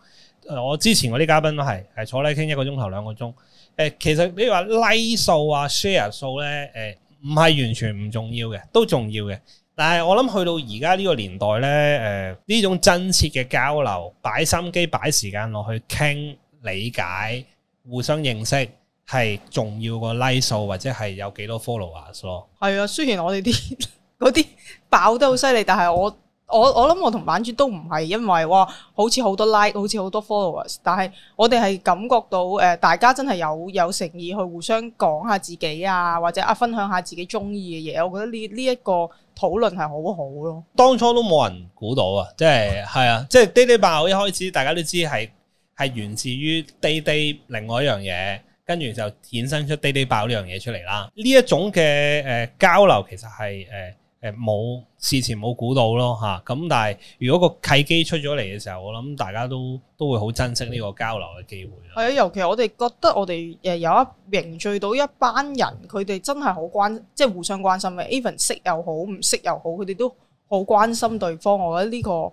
呃。我之前我啲嘉賓都係誒坐低傾一個鐘頭兩個鐘。誒、呃，其實你話 like 數啊 share 數咧，誒唔係完全唔重要嘅，都重要嘅。但係我諗去到而家呢個年代咧，誒、呃、呢種真切嘅交流，擺心機擺時間落去傾。理解、互相認識係重要個 like 數或者係有幾多 followers 咯。係啊，雖然我哋啲啲爆得好犀利，但係我我我諗我同版主都唔係因為哇，好似好多 like，好似好多 followers，但係我哋係感覺到誒，大家真係有有誠意去互相講下自己啊，或者啊分享下自己中意嘅嘢，我覺得呢呢一個討論係好好咯。當初都冇人估到啊，即係，係啊，即係日日爆一開始大家都知係。係源自於 Day Day 另外一樣嘢，跟住就衍生出 Day Day 爆呢樣嘢出嚟啦。呢一種嘅誒、呃、交流其實係誒誒冇事前冇估到咯嚇。咁但係如果個契機出咗嚟嘅時候，我諗大家都都會好珍惜呢個交流嘅機會。係啊，尤其我哋覺得我哋誒有一凝聚到一班人，佢哋真係好關，即係互相關心嘅。Even 識又好，唔識又好，佢哋都好關心對方。嗯、我覺得呢、呢個。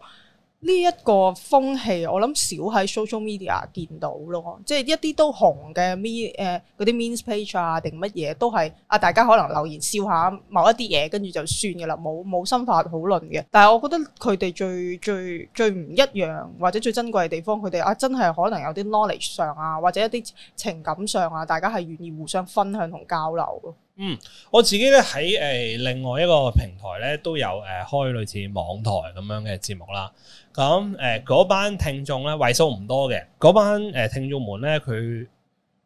呢一個風氣，我諗少喺 social media 見到咯，即係一啲都紅嘅 mi 誒嗰啲 memes page 啊，定乜嘢都係啊，大家可能留言笑下某一啲嘢，跟住就算㗎喇，冇冇深化討論嘅。但係我覺得佢哋最最最唔一樣，或者最珍貴嘅地方，佢哋啊真係可能有啲 knowledge 上啊，或者一啲情感上啊，大家係願意互相分享同交流。嗯，我自己咧喺誒另外一個平台咧都有誒、呃、開類似網台咁樣嘅節目啦。咁誒嗰班聽眾咧為數唔多嘅，嗰班誒、呃、聽眾們咧佢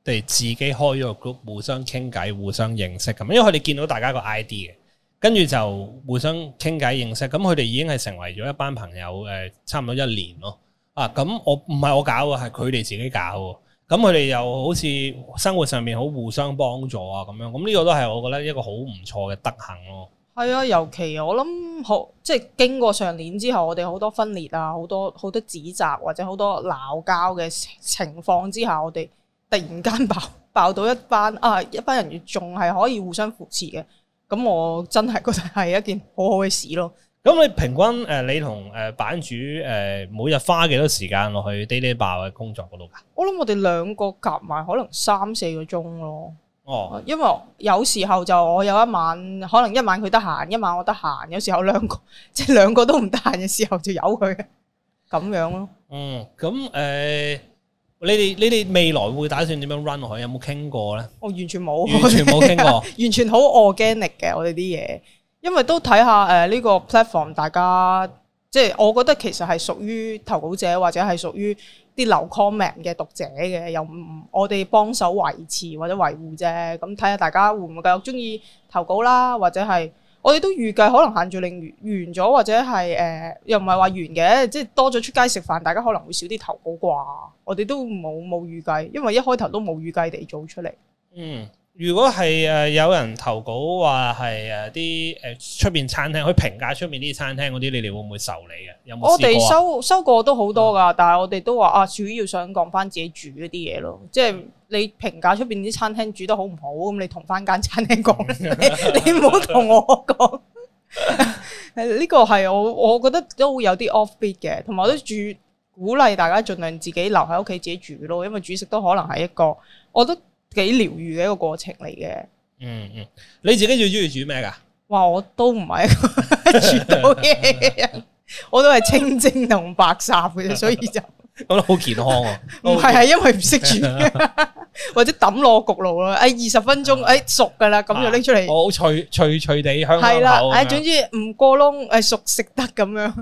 哋自己開咗個 group，互相傾偈，互相認識咁。因為佢哋見到大家個 ID 嘅，跟住就互相傾偈認識。咁佢哋已經係成為咗一班朋友誒、呃，差唔多一年咯。啊，咁我唔係我搞，係佢哋自己搞。咁佢哋又好似生活上面好互相幫助啊，咁樣咁呢個都係我覺得一個好唔錯嘅德行咯。係啊，尤其我諗好，即係經過上年之後，我哋好多分裂啊，好多好多指責或者好多鬧交嘅情況之下，我哋突然間爆爆到一班啊，一班人仲係可以互相扶持嘅，咁我真係覺得係一件好好嘅事咯。咁你平均誒、呃，你同誒版主誒、呃、每日花幾多時間落去 Day Day 爆嘅工作嗰度噶？我諗我哋兩個夾埋可能三四個鐘咯。哦，因為有時候就我有一晚，可能一晚佢得閒，一晚我得閒。有時候兩個即係兩個都唔得閒嘅時候就，就由佢咁樣咯嗯。嗯，咁、嗯、誒，你哋你哋未來會打算點樣 run 落去？有冇傾過咧？我完全冇，完全冇傾 過，完全好 organic 嘅我哋啲嘢。因為都睇下誒呢、呃這個 platform，大家即係我覺得其實係屬於投稿者或者係屬於啲留 comment 嘅讀者嘅，又唔我哋幫手維持或者維護啫。咁睇下大家會唔會繼續中意投稿啦，或者係我哋都預計可能限聚令完咗，或者係誒、呃、又唔係話完嘅，即係多咗出街食飯，大家可能會少啲投稿啩。我哋都冇冇預計，因為一開頭都冇預計地做出嚟。嗯。如果係誒有人投稿話係誒啲誒出邊餐廳，可以評價出邊啲餐廳嗰啲，你哋會唔會受理嘅？有冇我哋收收過都好多㗎，嗯、但係我哋都話啊，主要想講翻自己煮嗰啲嘢咯。即係你評價出邊啲餐廳煮得好唔好咁，你同翻間餐廳講，嗯、你唔好同我講。呢 個係我我覺得都會有啲 offbeat 嘅，同埋都主鼓勵大家儘量自己留喺屋企自己煮咯，因為煮食都可能係一個我都。幾療愈嘅一個過程嚟嘅，嗯嗯，你自己最中意煮咩㗎？哇，我都唔係一個 煮到嘢嘅人， 我都係清蒸同白霎嘅，所以就覺得好健康啊！唔係係因為唔識煮。 或者抌落焗爐啦，誒二十分鐘，誒熟噶啦，咁就拎出嚟，好脆脆脆地香口。係啦，誒總之唔過籠，誒熟食得咁樣，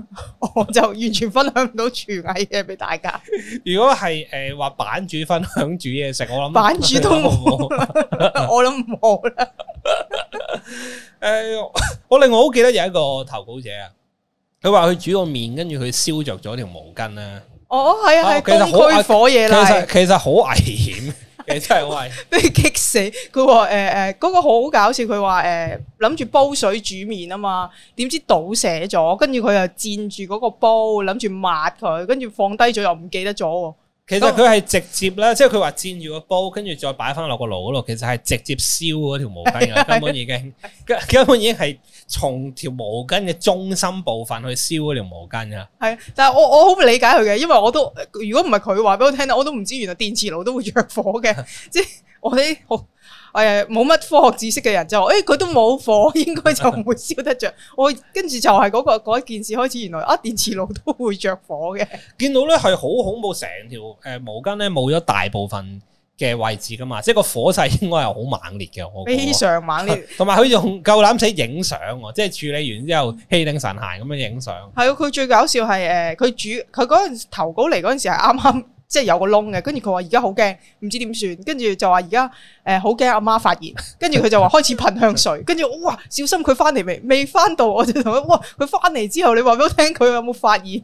我就完全分享唔到廚藝嘢俾大家。如果係誒話版主分享煮嘢食，我諗版主都我諗冇啦。誒，我另外好記得有一個投稿者啊，佢話佢煮個麵，跟住佢燒着咗條毛巾咧。哦，係啊，係。開火嘢啦，其實其實好危險。真係威，俾佢激死。佢話誒誒，嗰、呃嗰個好搞笑。佢話誒，諗、呃、住煲水煮麵啊嘛，點知倒瀉咗，跟住佢又濺住嗰個煲，諗住抹佢，跟住放低咗又唔記得咗。其實佢係直接咧，oh. 即係佢話佔住個煲，跟住再擺翻落個爐度，其實係直接燒嗰條毛巾嘅，根本已經， 根本已經係從條毛巾嘅中心部分去燒嗰條毛巾噶。係啊，但係我我好唔理解佢嘅，因為我都如果唔係佢話俾我聽我都唔知原來電磁爐都會着火嘅，即係我哋。好。誒冇乜科學知識嘅人就誒佢、欸、都冇火，應該就唔會燒得着。 哦」我跟住就係嗰、嗰個、件事開始，原來啊電磁爐都會着火嘅。見到咧，係好恐怖，成條誒毛巾咧冇咗大部分嘅位置㗎嘛，即係個火勢應該係好猛烈嘅。比上猛烈。同埋佢用夠膽死影相喎，即係處理完之後氣定 神閒咁樣影相。係啊！佢最搞笑係誒，佢主佢嗰陣投稿嚟嗰陣時係啱啱。即係有個窿嘅，跟住佢話而家好驚，唔知點算，跟住就話而家誒好驚阿媽發現，跟住佢就話開始噴香水，跟住哇小心佢翻嚟未？未翻到我就同佢哇，佢翻嚟之後你話俾我聽佢有冇發現？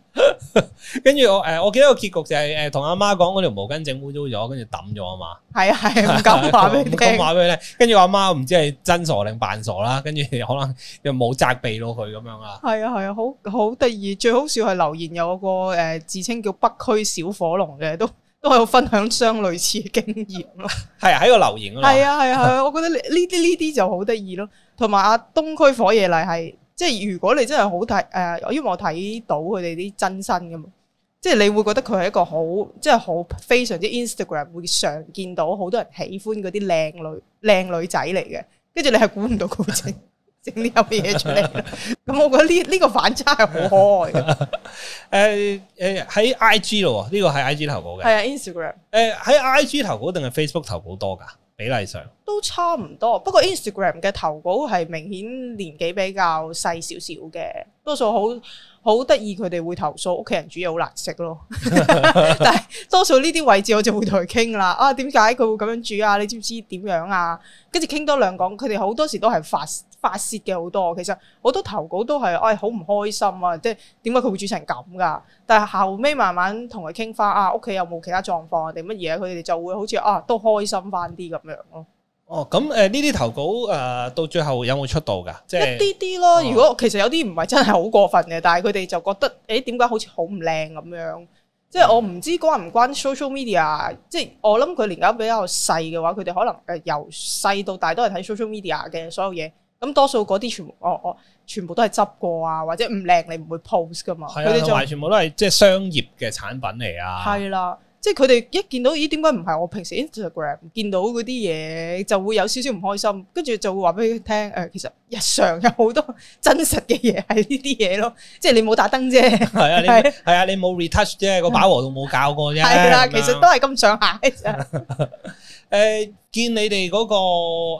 跟住 我誒、呃，我記得個結局就係誒同阿媽講嗰條毛巾整污糟咗，跟住抌咗啊嘛。係啊係，唔敢話俾你聽。話俾佢咧，跟住阿媽唔知係真傻定扮傻啦，跟住可能又冇責備到佢咁樣啊。係啊係啊，好好得意，最好笑係留言有個誒自稱叫北區小火龍嘅。都都喺度分享相類似嘅經驗咯，係啊喺個留言啊，係啊係啊，我覺得呢啲呢啲就好得意咯。同埋阿東區火野麗係，即係如果你真係好睇誒、呃，因為我睇到佢哋啲真身㗎嘛。即係你會覺得佢係一個好即係好非常之 Instagram 會常見到好多人喜歡嗰啲靚女靚女仔嚟嘅，跟住你係估唔到佢會 整呢有嘢出嚟，咁 我覺得呢呢、呢個反差係好可愛嘅。誒誒喺 IG 咯，呢個係 IG 投稿嘅。係啊，Instagram。誒喺、呃、IG 投稿定係 Facebook 投稿多㗎？比例上都差唔多，不過 Instagram 嘅投稿係明顯年紀比較細少少嘅，多數好。好得意，佢哋會投訴屋企人煮嘢好難食咯。 但係多數呢啲位置我就會同佢傾啦。啊，點解佢會咁樣煮啊？你知唔知點樣啊？跟住傾多兩講，佢哋好多時都係發發泄嘅好多。其實好多投稿都係，哎，好唔開心啊！即係點解佢會煮成咁噶啊？但係後尾慢慢同佢傾翻啊，屋企有冇其他狀況啊定乜嘢？佢哋就會好似啊，都開心翻啲咁樣咯。哦，咁誒呢啲投稿誒、呃、到最後有冇出到㗎？即、就、係、是、一啲啲咯。哦、如果其實有啲唔係真係好過分嘅，但係佢哋就覺得誒點解好似好唔靚咁樣？即係我唔知關唔關 social media。嗯、即係我諗佢年紀比較細嘅話，佢哋可能誒由細到大都係睇 social media 嘅所有嘢。咁多數嗰啲全部我我、哦哦、全部都係執過啊，或者唔靚你唔會 post 噶嘛。係啊、嗯，同埋全部都係即係商業嘅產品嚟啊。係啦。即係佢哋一見到，咦？點解唔係我平時 Instagram 見到嗰啲嘢，就會有少少唔開心，跟住就會話俾佢聽，誒，其實日常有好多真實嘅嘢係呢啲嘢咯，即係你冇打燈啫，係啊，係啊，你冇 retouch 啫，個飽和度冇搞過啫，係啦，其實都係咁上下嘅。誒、呃、見你哋嗰、那個、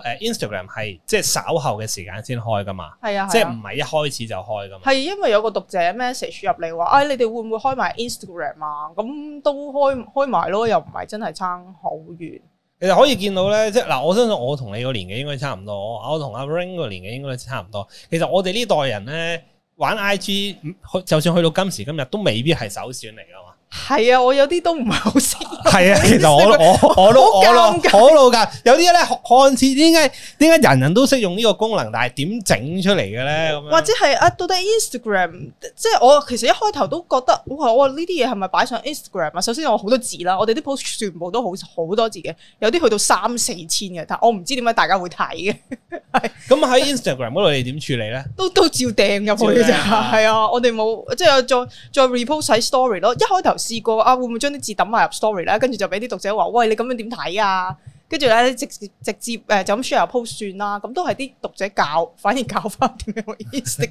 呃、Instagram 係即係稍後嘅時間先開噶嘛，係啊，啊即係唔係一開始就開噶嘛？係因為有個讀者 message 入嚟話：哎，你哋會唔會開埋 Instagram 啊？咁都開開埋咯，又唔係真係差好遠。嗯、其實可以見到咧，即係嗱、呃，我相信我同你個年紀應該差唔多，我同阿 Ring 個年紀應該差唔多。其實我哋呢代人咧玩 IG，就算去到今時今日，都未必係首選嚟㗎嘛。係啊，我有啲都唔係好識。係啊，其實我我我都我諗，我諗，我諗噶 尷尬。有啲咧看似點解點解人人都識用呢個功能，但係點整出嚟嘅咧咁樣？或者係啊，到底 Instagram 即係我其實一開頭都覺得哇，我呢啲嘢係咪擺上 Instagram 啊？是是 Inst 首先我好多字啦，我哋啲 post 全部都好好多字嘅，有啲去到三四千嘅，但我唔知點解大家會睇嘅。咁喺 Instagram 嗰度你點處理咧？都都照掟入去嘅，係啊，啊，我哋冇即係再再 repost 喺 story 咯，一開頭。試過啊，會唔會將啲字抌埋入 story 咧？跟住就俾啲讀者話：喂，你咁樣點睇啊？跟住咧，直接直接誒、呃，就咁 share post 算啦。咁都係啲讀者教，反而教翻點樣意思。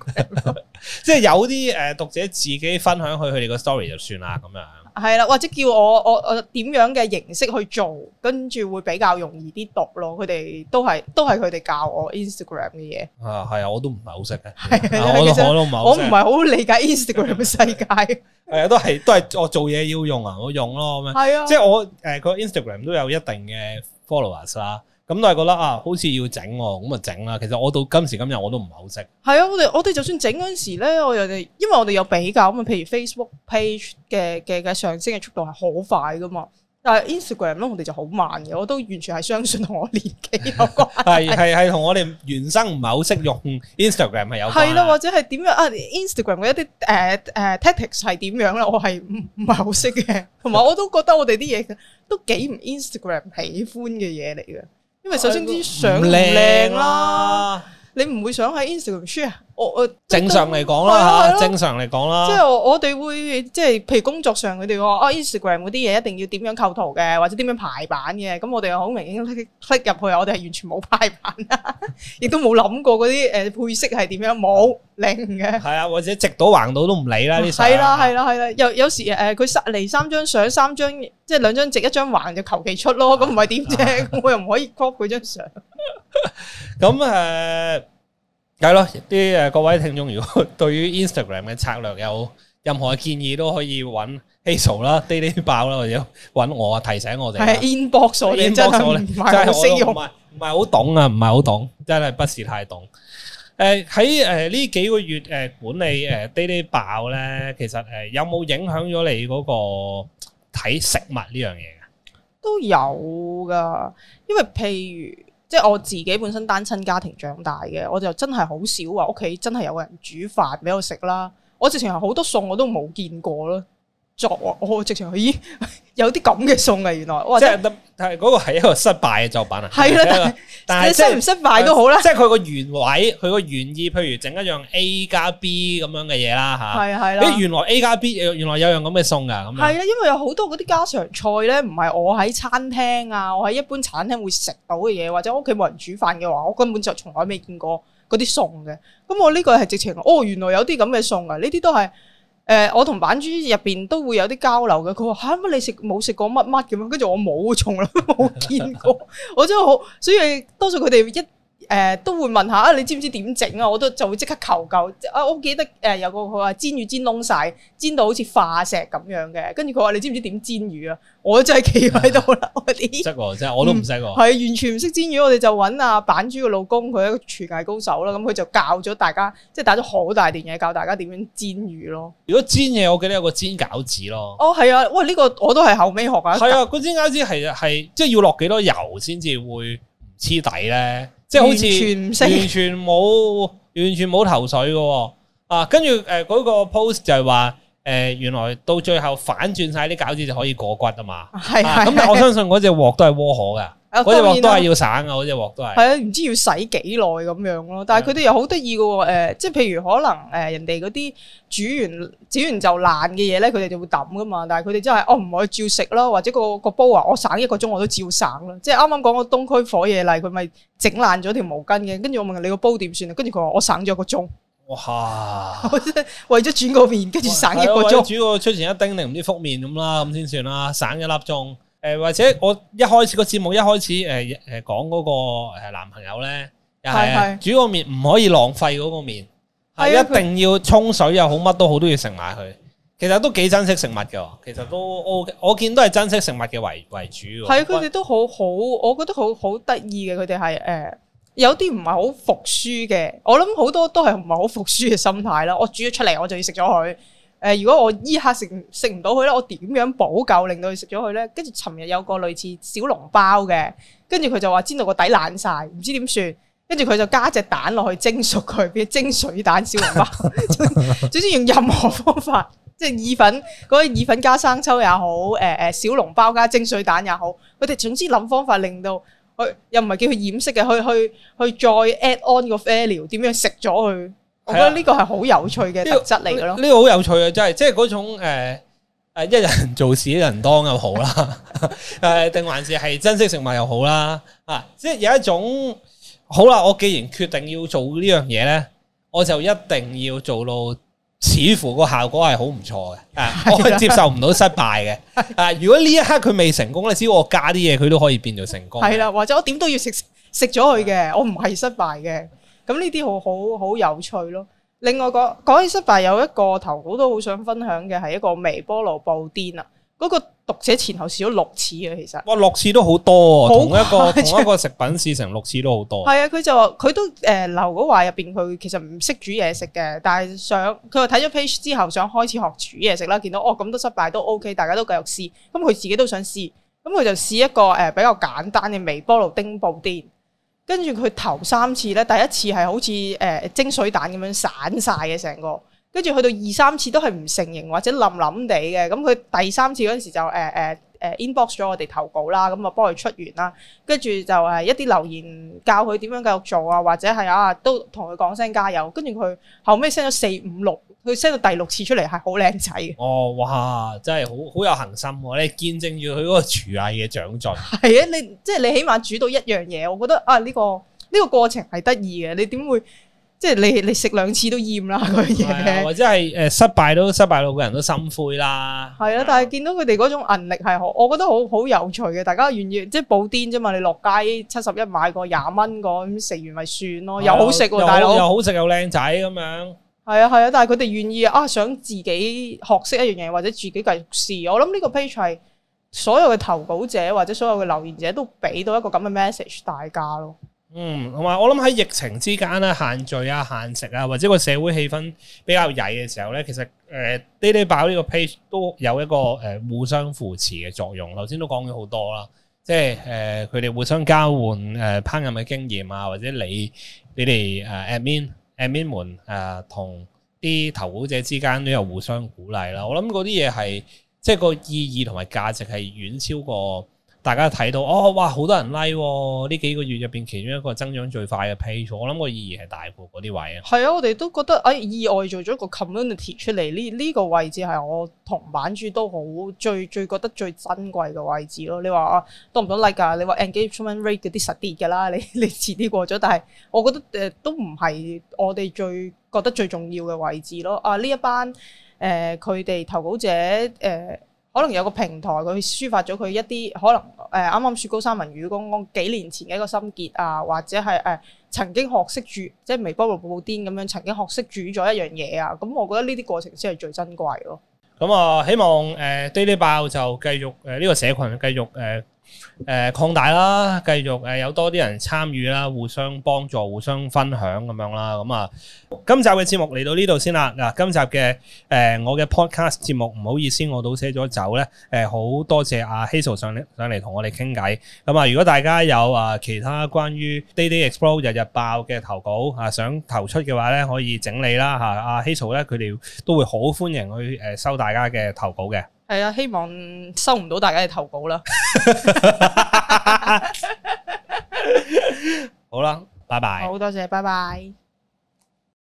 即係有啲誒讀者自己分享佢佢哋個 story 就算啦，咁樣。 係啦，或者叫我我我點樣嘅形式去做，跟住會比較容易啲讀咯。佢哋都係都係佢哋教我 Instagram 嘅嘢。啊，係啊，我都唔係好識嘅，我都講得唔好，我唔係好理解 Instagram 嘅世界。係啊，都係都係我做嘢要用啊，我用咯，咁樣。係啊，即係我誒個 Instagram 都有一定嘅 followers 啦。咁都係覺得啊，好似要整喎、啊，咁啊整啦。其實我到今時今日我都唔係好識。係啊，我哋我哋就算整嗰陣時咧，我哋因為我哋有比較咁啊，譬如 Facebook page 嘅嘅嘅上升嘅速度係好快㗎嘛，但係 Instagram 咧我哋就好慢嘅。我都完全係相信同我年紀有關係，係係係同我哋原生唔係好識用 Instagram 係有關係。係咯、啊，或者係點樣啊？Instagram 嘅一啲誒誒、呃呃、tactics 係點樣咧？我係唔唔係好識嘅。同埋我都覺得我哋啲嘢都幾唔 Instagram 喜歡嘅嘢嚟嘅。因為首先啲相唔靚啦，啦你唔會想喺 Instagram share。正常嚟講啦，正常嚟講啦，即係我我哋會即係，譬如工作上佢哋話 Instagram 嗰啲嘢一定要點樣構圖嘅，或者點樣排版嘅，咁我哋又好明顯 cut 入去，我哋係完全冇排版，亦都冇諗過嗰啲誒配色係點樣，冇零嘅。係啊，或者直到橫到都唔理啦呢。係啦係啦係啦，有有時誒佢嚟三張相，三張即係兩張直一張橫，一張橫就求其出咯，咁唔係點啫？我又唔可以 crop 張相。咁誒。 係咯，啲誒各位聽眾，如果對於 Instagram 嘅策略有任何建議，都可以揾 Hazel 啦、日日爆啦，或者揾我啊，提醒我哋。係 inbox，inbox。就我唔係唔係好懂啊，唔係好懂，真係不是太懂。誒喺誒呢幾個月誒管理誒日日爆咧，其實誒有冇影響咗你嗰個睇食物呢樣嘢啊？都有噶，因為譬如。即係我自己本身單親家庭長大嘅，我就真係好少話屋企真係有人煮飯俾我食啦。我之前係好多餸我都冇見過囉。作我，我直情已經有啲咁嘅餸啊。原來，原來哇！即係得，但係嗰個係一個失敗嘅作品啊！係啦，但係但係即係失唔失敗都好啦。即係佢個原位，佢個原意，譬如整一樣 A 加 B 咁樣嘅嘢啦，嚇係啊，係啦。咁原來 A 加 B 原來有樣咁嘅餸嘅，咁啊，係啦。因為有好多嗰啲家常菜咧，唔係我喺餐廳啊，我喺一般餐廳會食到嘅嘢，或者屋企冇人煮飯嘅話，我根本就從來未見過嗰啲餸嘅。咁我呢個係直情哦，原來有啲咁嘅餸啊，呢啲都係。誒、呃，我同版主入邊都會有啲交流嘅，佢話嚇，乜你食冇食過乜乜咁樣，跟住我冇，從來冇見過， 我真係好，所以多數佢哋一。誒、呃、都會問下啊，你知唔知點整啊？我都就會即刻求救。啊，我記得誒有個佢話煎魚煎燶晒，煎到好似化石咁樣嘅。跟住佢話你知唔知點煎魚啊？我真係企喺度啦，我 啲、嗯，唔識喎、嗯，真係我都唔識喎。係啊，完全唔識煎魚，我哋就揾阿版主嘅老公，佢一個廚藝高手啦。咁、嗯、佢就教咗大家，即、就、係、是、打咗好大電嘢，教大家點樣煎魚咯。如果煎嘢，我記得有個煎餃子咯。哦，係啊，喂，呢、這個我都係後尾學、嗯、啊。係啊，個煎餃子係啊即係要落幾多油先至會唔黐底咧？即係好似完全冇，完全冇頭緒嘅喎。啊，跟住誒個 post 就係話誒原來到最後反轉晒啲餃子就可以過骨啊嘛。係啊，咁但係我相信嗰隻鑊都係窩火㗎。嗰隻、啊啊、鑊都係要省啊！嗰隻鑊都係。係啊，唔知要使幾耐咁樣咯。但係佢哋又好得意嘅喎。即、呃、係譬如可能誒人哋嗰啲煮完煮完就爛嘅嘢咧，佢哋就會抌㗎嘛。但係佢哋真係，哦唔可以照食啦，或者個個煲啊，我省一個鐘我都照省啦。即係啱啱講個東區火嘢嚟，佢咪整爛咗條毛巾嘅。跟住我問你個煲點算啊？跟住佢話我省咗個鐘。哇！ 為咗轉個麵，跟住省一個鐘。啊、煮個出前一丁定唔知覆麵咁啦，咁先算啦，省一粒鐘。誒，或者我一開始個節目一開始誒誒講嗰個誒男朋友咧，誒、啊、係，煮個麵唔可以浪費嗰個麵，係啊，一定要沖水又好，乜都好，都要食埋佢。其實都幾珍惜食物嘅，其實都 OK，我，我見都係珍惜食物嘅為為主。佢哋係但，都好好，我覺得好好得意嘅，佢哋係誒有啲唔係好服輸嘅。我諗好多都係唔係好服輸嘅心態啦。我煮咗出嚟，我就要食咗佢。誒、呃，如果我依下食食唔到佢咧，我點樣補救令到佢食咗佢咧？跟住尋日有個類似小籠包嘅，跟住佢就話煎到個底爛晒，唔知點算。跟住佢就加隻蛋落去蒸熟佢，叫蒸水蛋小籠包。 總之用任何方法，即係意粉嗰個意粉加生抽也好，誒、呃、誒小籠包加蒸水蛋也好，佢哋總之諗方法令到佢又唔係叫佢掩飾嘅，去去去再 add on 個 fill a 料，點樣食咗佢？呢個係好有趣嘅特質嚟咯。呢、這個好、這個、有趣啊，真係即係嗰種誒誒、呃，一人做事一人當又好啦，誒，定還是係珍惜食物又好啦啊！即係有一種好啦，我既然決定要做呢樣嘢咧，我就一定要做到，似乎個效果係好唔錯嘅啊！是的 我接受唔到失敗嘅 啊！如果呢一刻佢未成功咧，只要我加啲嘢，佢都可以變做成，成功。係啦，或者我點都要食食咗佢嘅，的我唔係失敗嘅。咁呢啲好好好有趣咯。另外講講起失敗，有一個投稿都好想分享嘅，係一個微波爐布甸啦。嗰、那個讀者前後試咗六次啊，其實哇，六次都好多同一個， 同，一個同一個食品試成六次都好多。係啊，佢就話佢都誒留嗰話入邊，佢、呃、其實唔識煮嘢食嘅，但係想佢話睇咗 page 之後，想開始學煮嘢食啦。見到哦咁都失敗都 OK，大家都繼續試，咁、嗯、佢自己都想試，咁、嗯、佢就試一個誒、呃、比較簡單嘅微波爐叮布甸。跟住佢頭三次咧，第一次係好似誒、呃、蒸水蛋咁樣散晒嘅成個，跟住去到二三次都係唔成型或者冧冧地嘅，咁佢第三次嗰陣時就誒誒誒 inbox 咗我哋投稿啦，咁啊幫佢出完啦，跟住就係、呃、一啲留言教佢點樣繼續做啊，或者係啊都同佢講聲加油，跟住佢後尾升咗四五六。佢 send 到第六次出嚟係好靚仔，哦！哇，真係好好有恆心、啊，你見證住佢嗰個廚藝嘅長進。係啊，你即係、就是、你起碼煮到一樣嘢，我覺得啊呢、這個呢、這個過程係得意嘅。你點會即係你你食兩次都厭啦嗰啲嘢，或者係誒失敗都失敗到個人都心灰啦。係啊，但係見到佢哋嗰種毅力係好，我覺得好好有趣嘅。大家願意即係布甸啫嘛？你落街七十一買個廿蚊個，咁食完咪算咯、啊，又好食，大佬又好食 又靚仔咁樣。係啊，係啊，但係佢哋願意啊，想自己學識一樣嘢，或者自己繼續試。我諗呢個 page 係所有嘅投稿者或者所有嘅留言者都俾到一個咁嘅 message 大家咯。嗯，同埋我諗喺疫情之間咧，限聚啊、限食啊，或者個社會氣氛比較曳嘅時候咧，其實誒，日日爆呢個 page 都有一個誒、呃、互相扶持嘅作用。頭先都講咗好多啦，即係誒，佢、呃、哋互相交換誒、呃、烹飪嘅經驗啊，或者你你哋誒 admin。呃 Ad min, 誒，Admin 們誒，同啲投稿者之間都有互相鼓勵啦。我諗嗰啲嘢係，即係個意義同埋價值係遠超過。大家睇到哦，哇，好多人 like 喎、哦！呢幾個月入邊，其中一個增長最快嘅 page，我諗個意義係大過嗰啲位嘅。係啊，我哋都覺得誒、哎、意外做咗個 community 出嚟，呢、這、呢個位置係我同版主都好最最覺得最珍貴嘅位置咯。你話啊，多唔多 like 啊？你話 engagement rate 嗰啲實跌㗎啦，你你遲啲過咗，但係我覺得誒、呃、都唔係我哋最覺得最重要嘅位置咯。啊，呢一班誒佢哋投稿者誒。呃可能有個平台佢抒發咗佢一啲可能誒啱啱雪糕三文魚，剛剛幾年前嘅一個心結啊，或者係誒、呃、曾經學識煮，即係微波爐布布甸咁樣曾經學識煮咗一樣嘢啊，咁、嗯、我覺得呢啲過程先係最珍貴咯。咁啊、嗯呃，希望誒 Day Day、呃、爆就繼續誒呢、呃這個社群繼續誒。呃誒，擴、呃、大啦，繼續誒、呃，有多啲人參與啦，互相幫助，互相分享咁樣啦。咁啊，今集嘅節目嚟到呢度先啦。嗱，今集嘅誒，我嘅 podcast 節目，唔好意思，我倒寫咗走咧。誒、呃，好多謝阿、啊、Hazel 上上嚟同我哋傾偈。咁啊，如果大家有啊其他關於 Day Day Explode 日日爆嘅投稿啊，想投出嘅話咧，可以整理啦吓。阿、啊、Hazel 咧，佢哋都會好歡迎去誒、啊、收大家嘅投稿嘅。希望收唔到大家嘅投稿啦。 好啦，拜拜。好多謝，拜拜。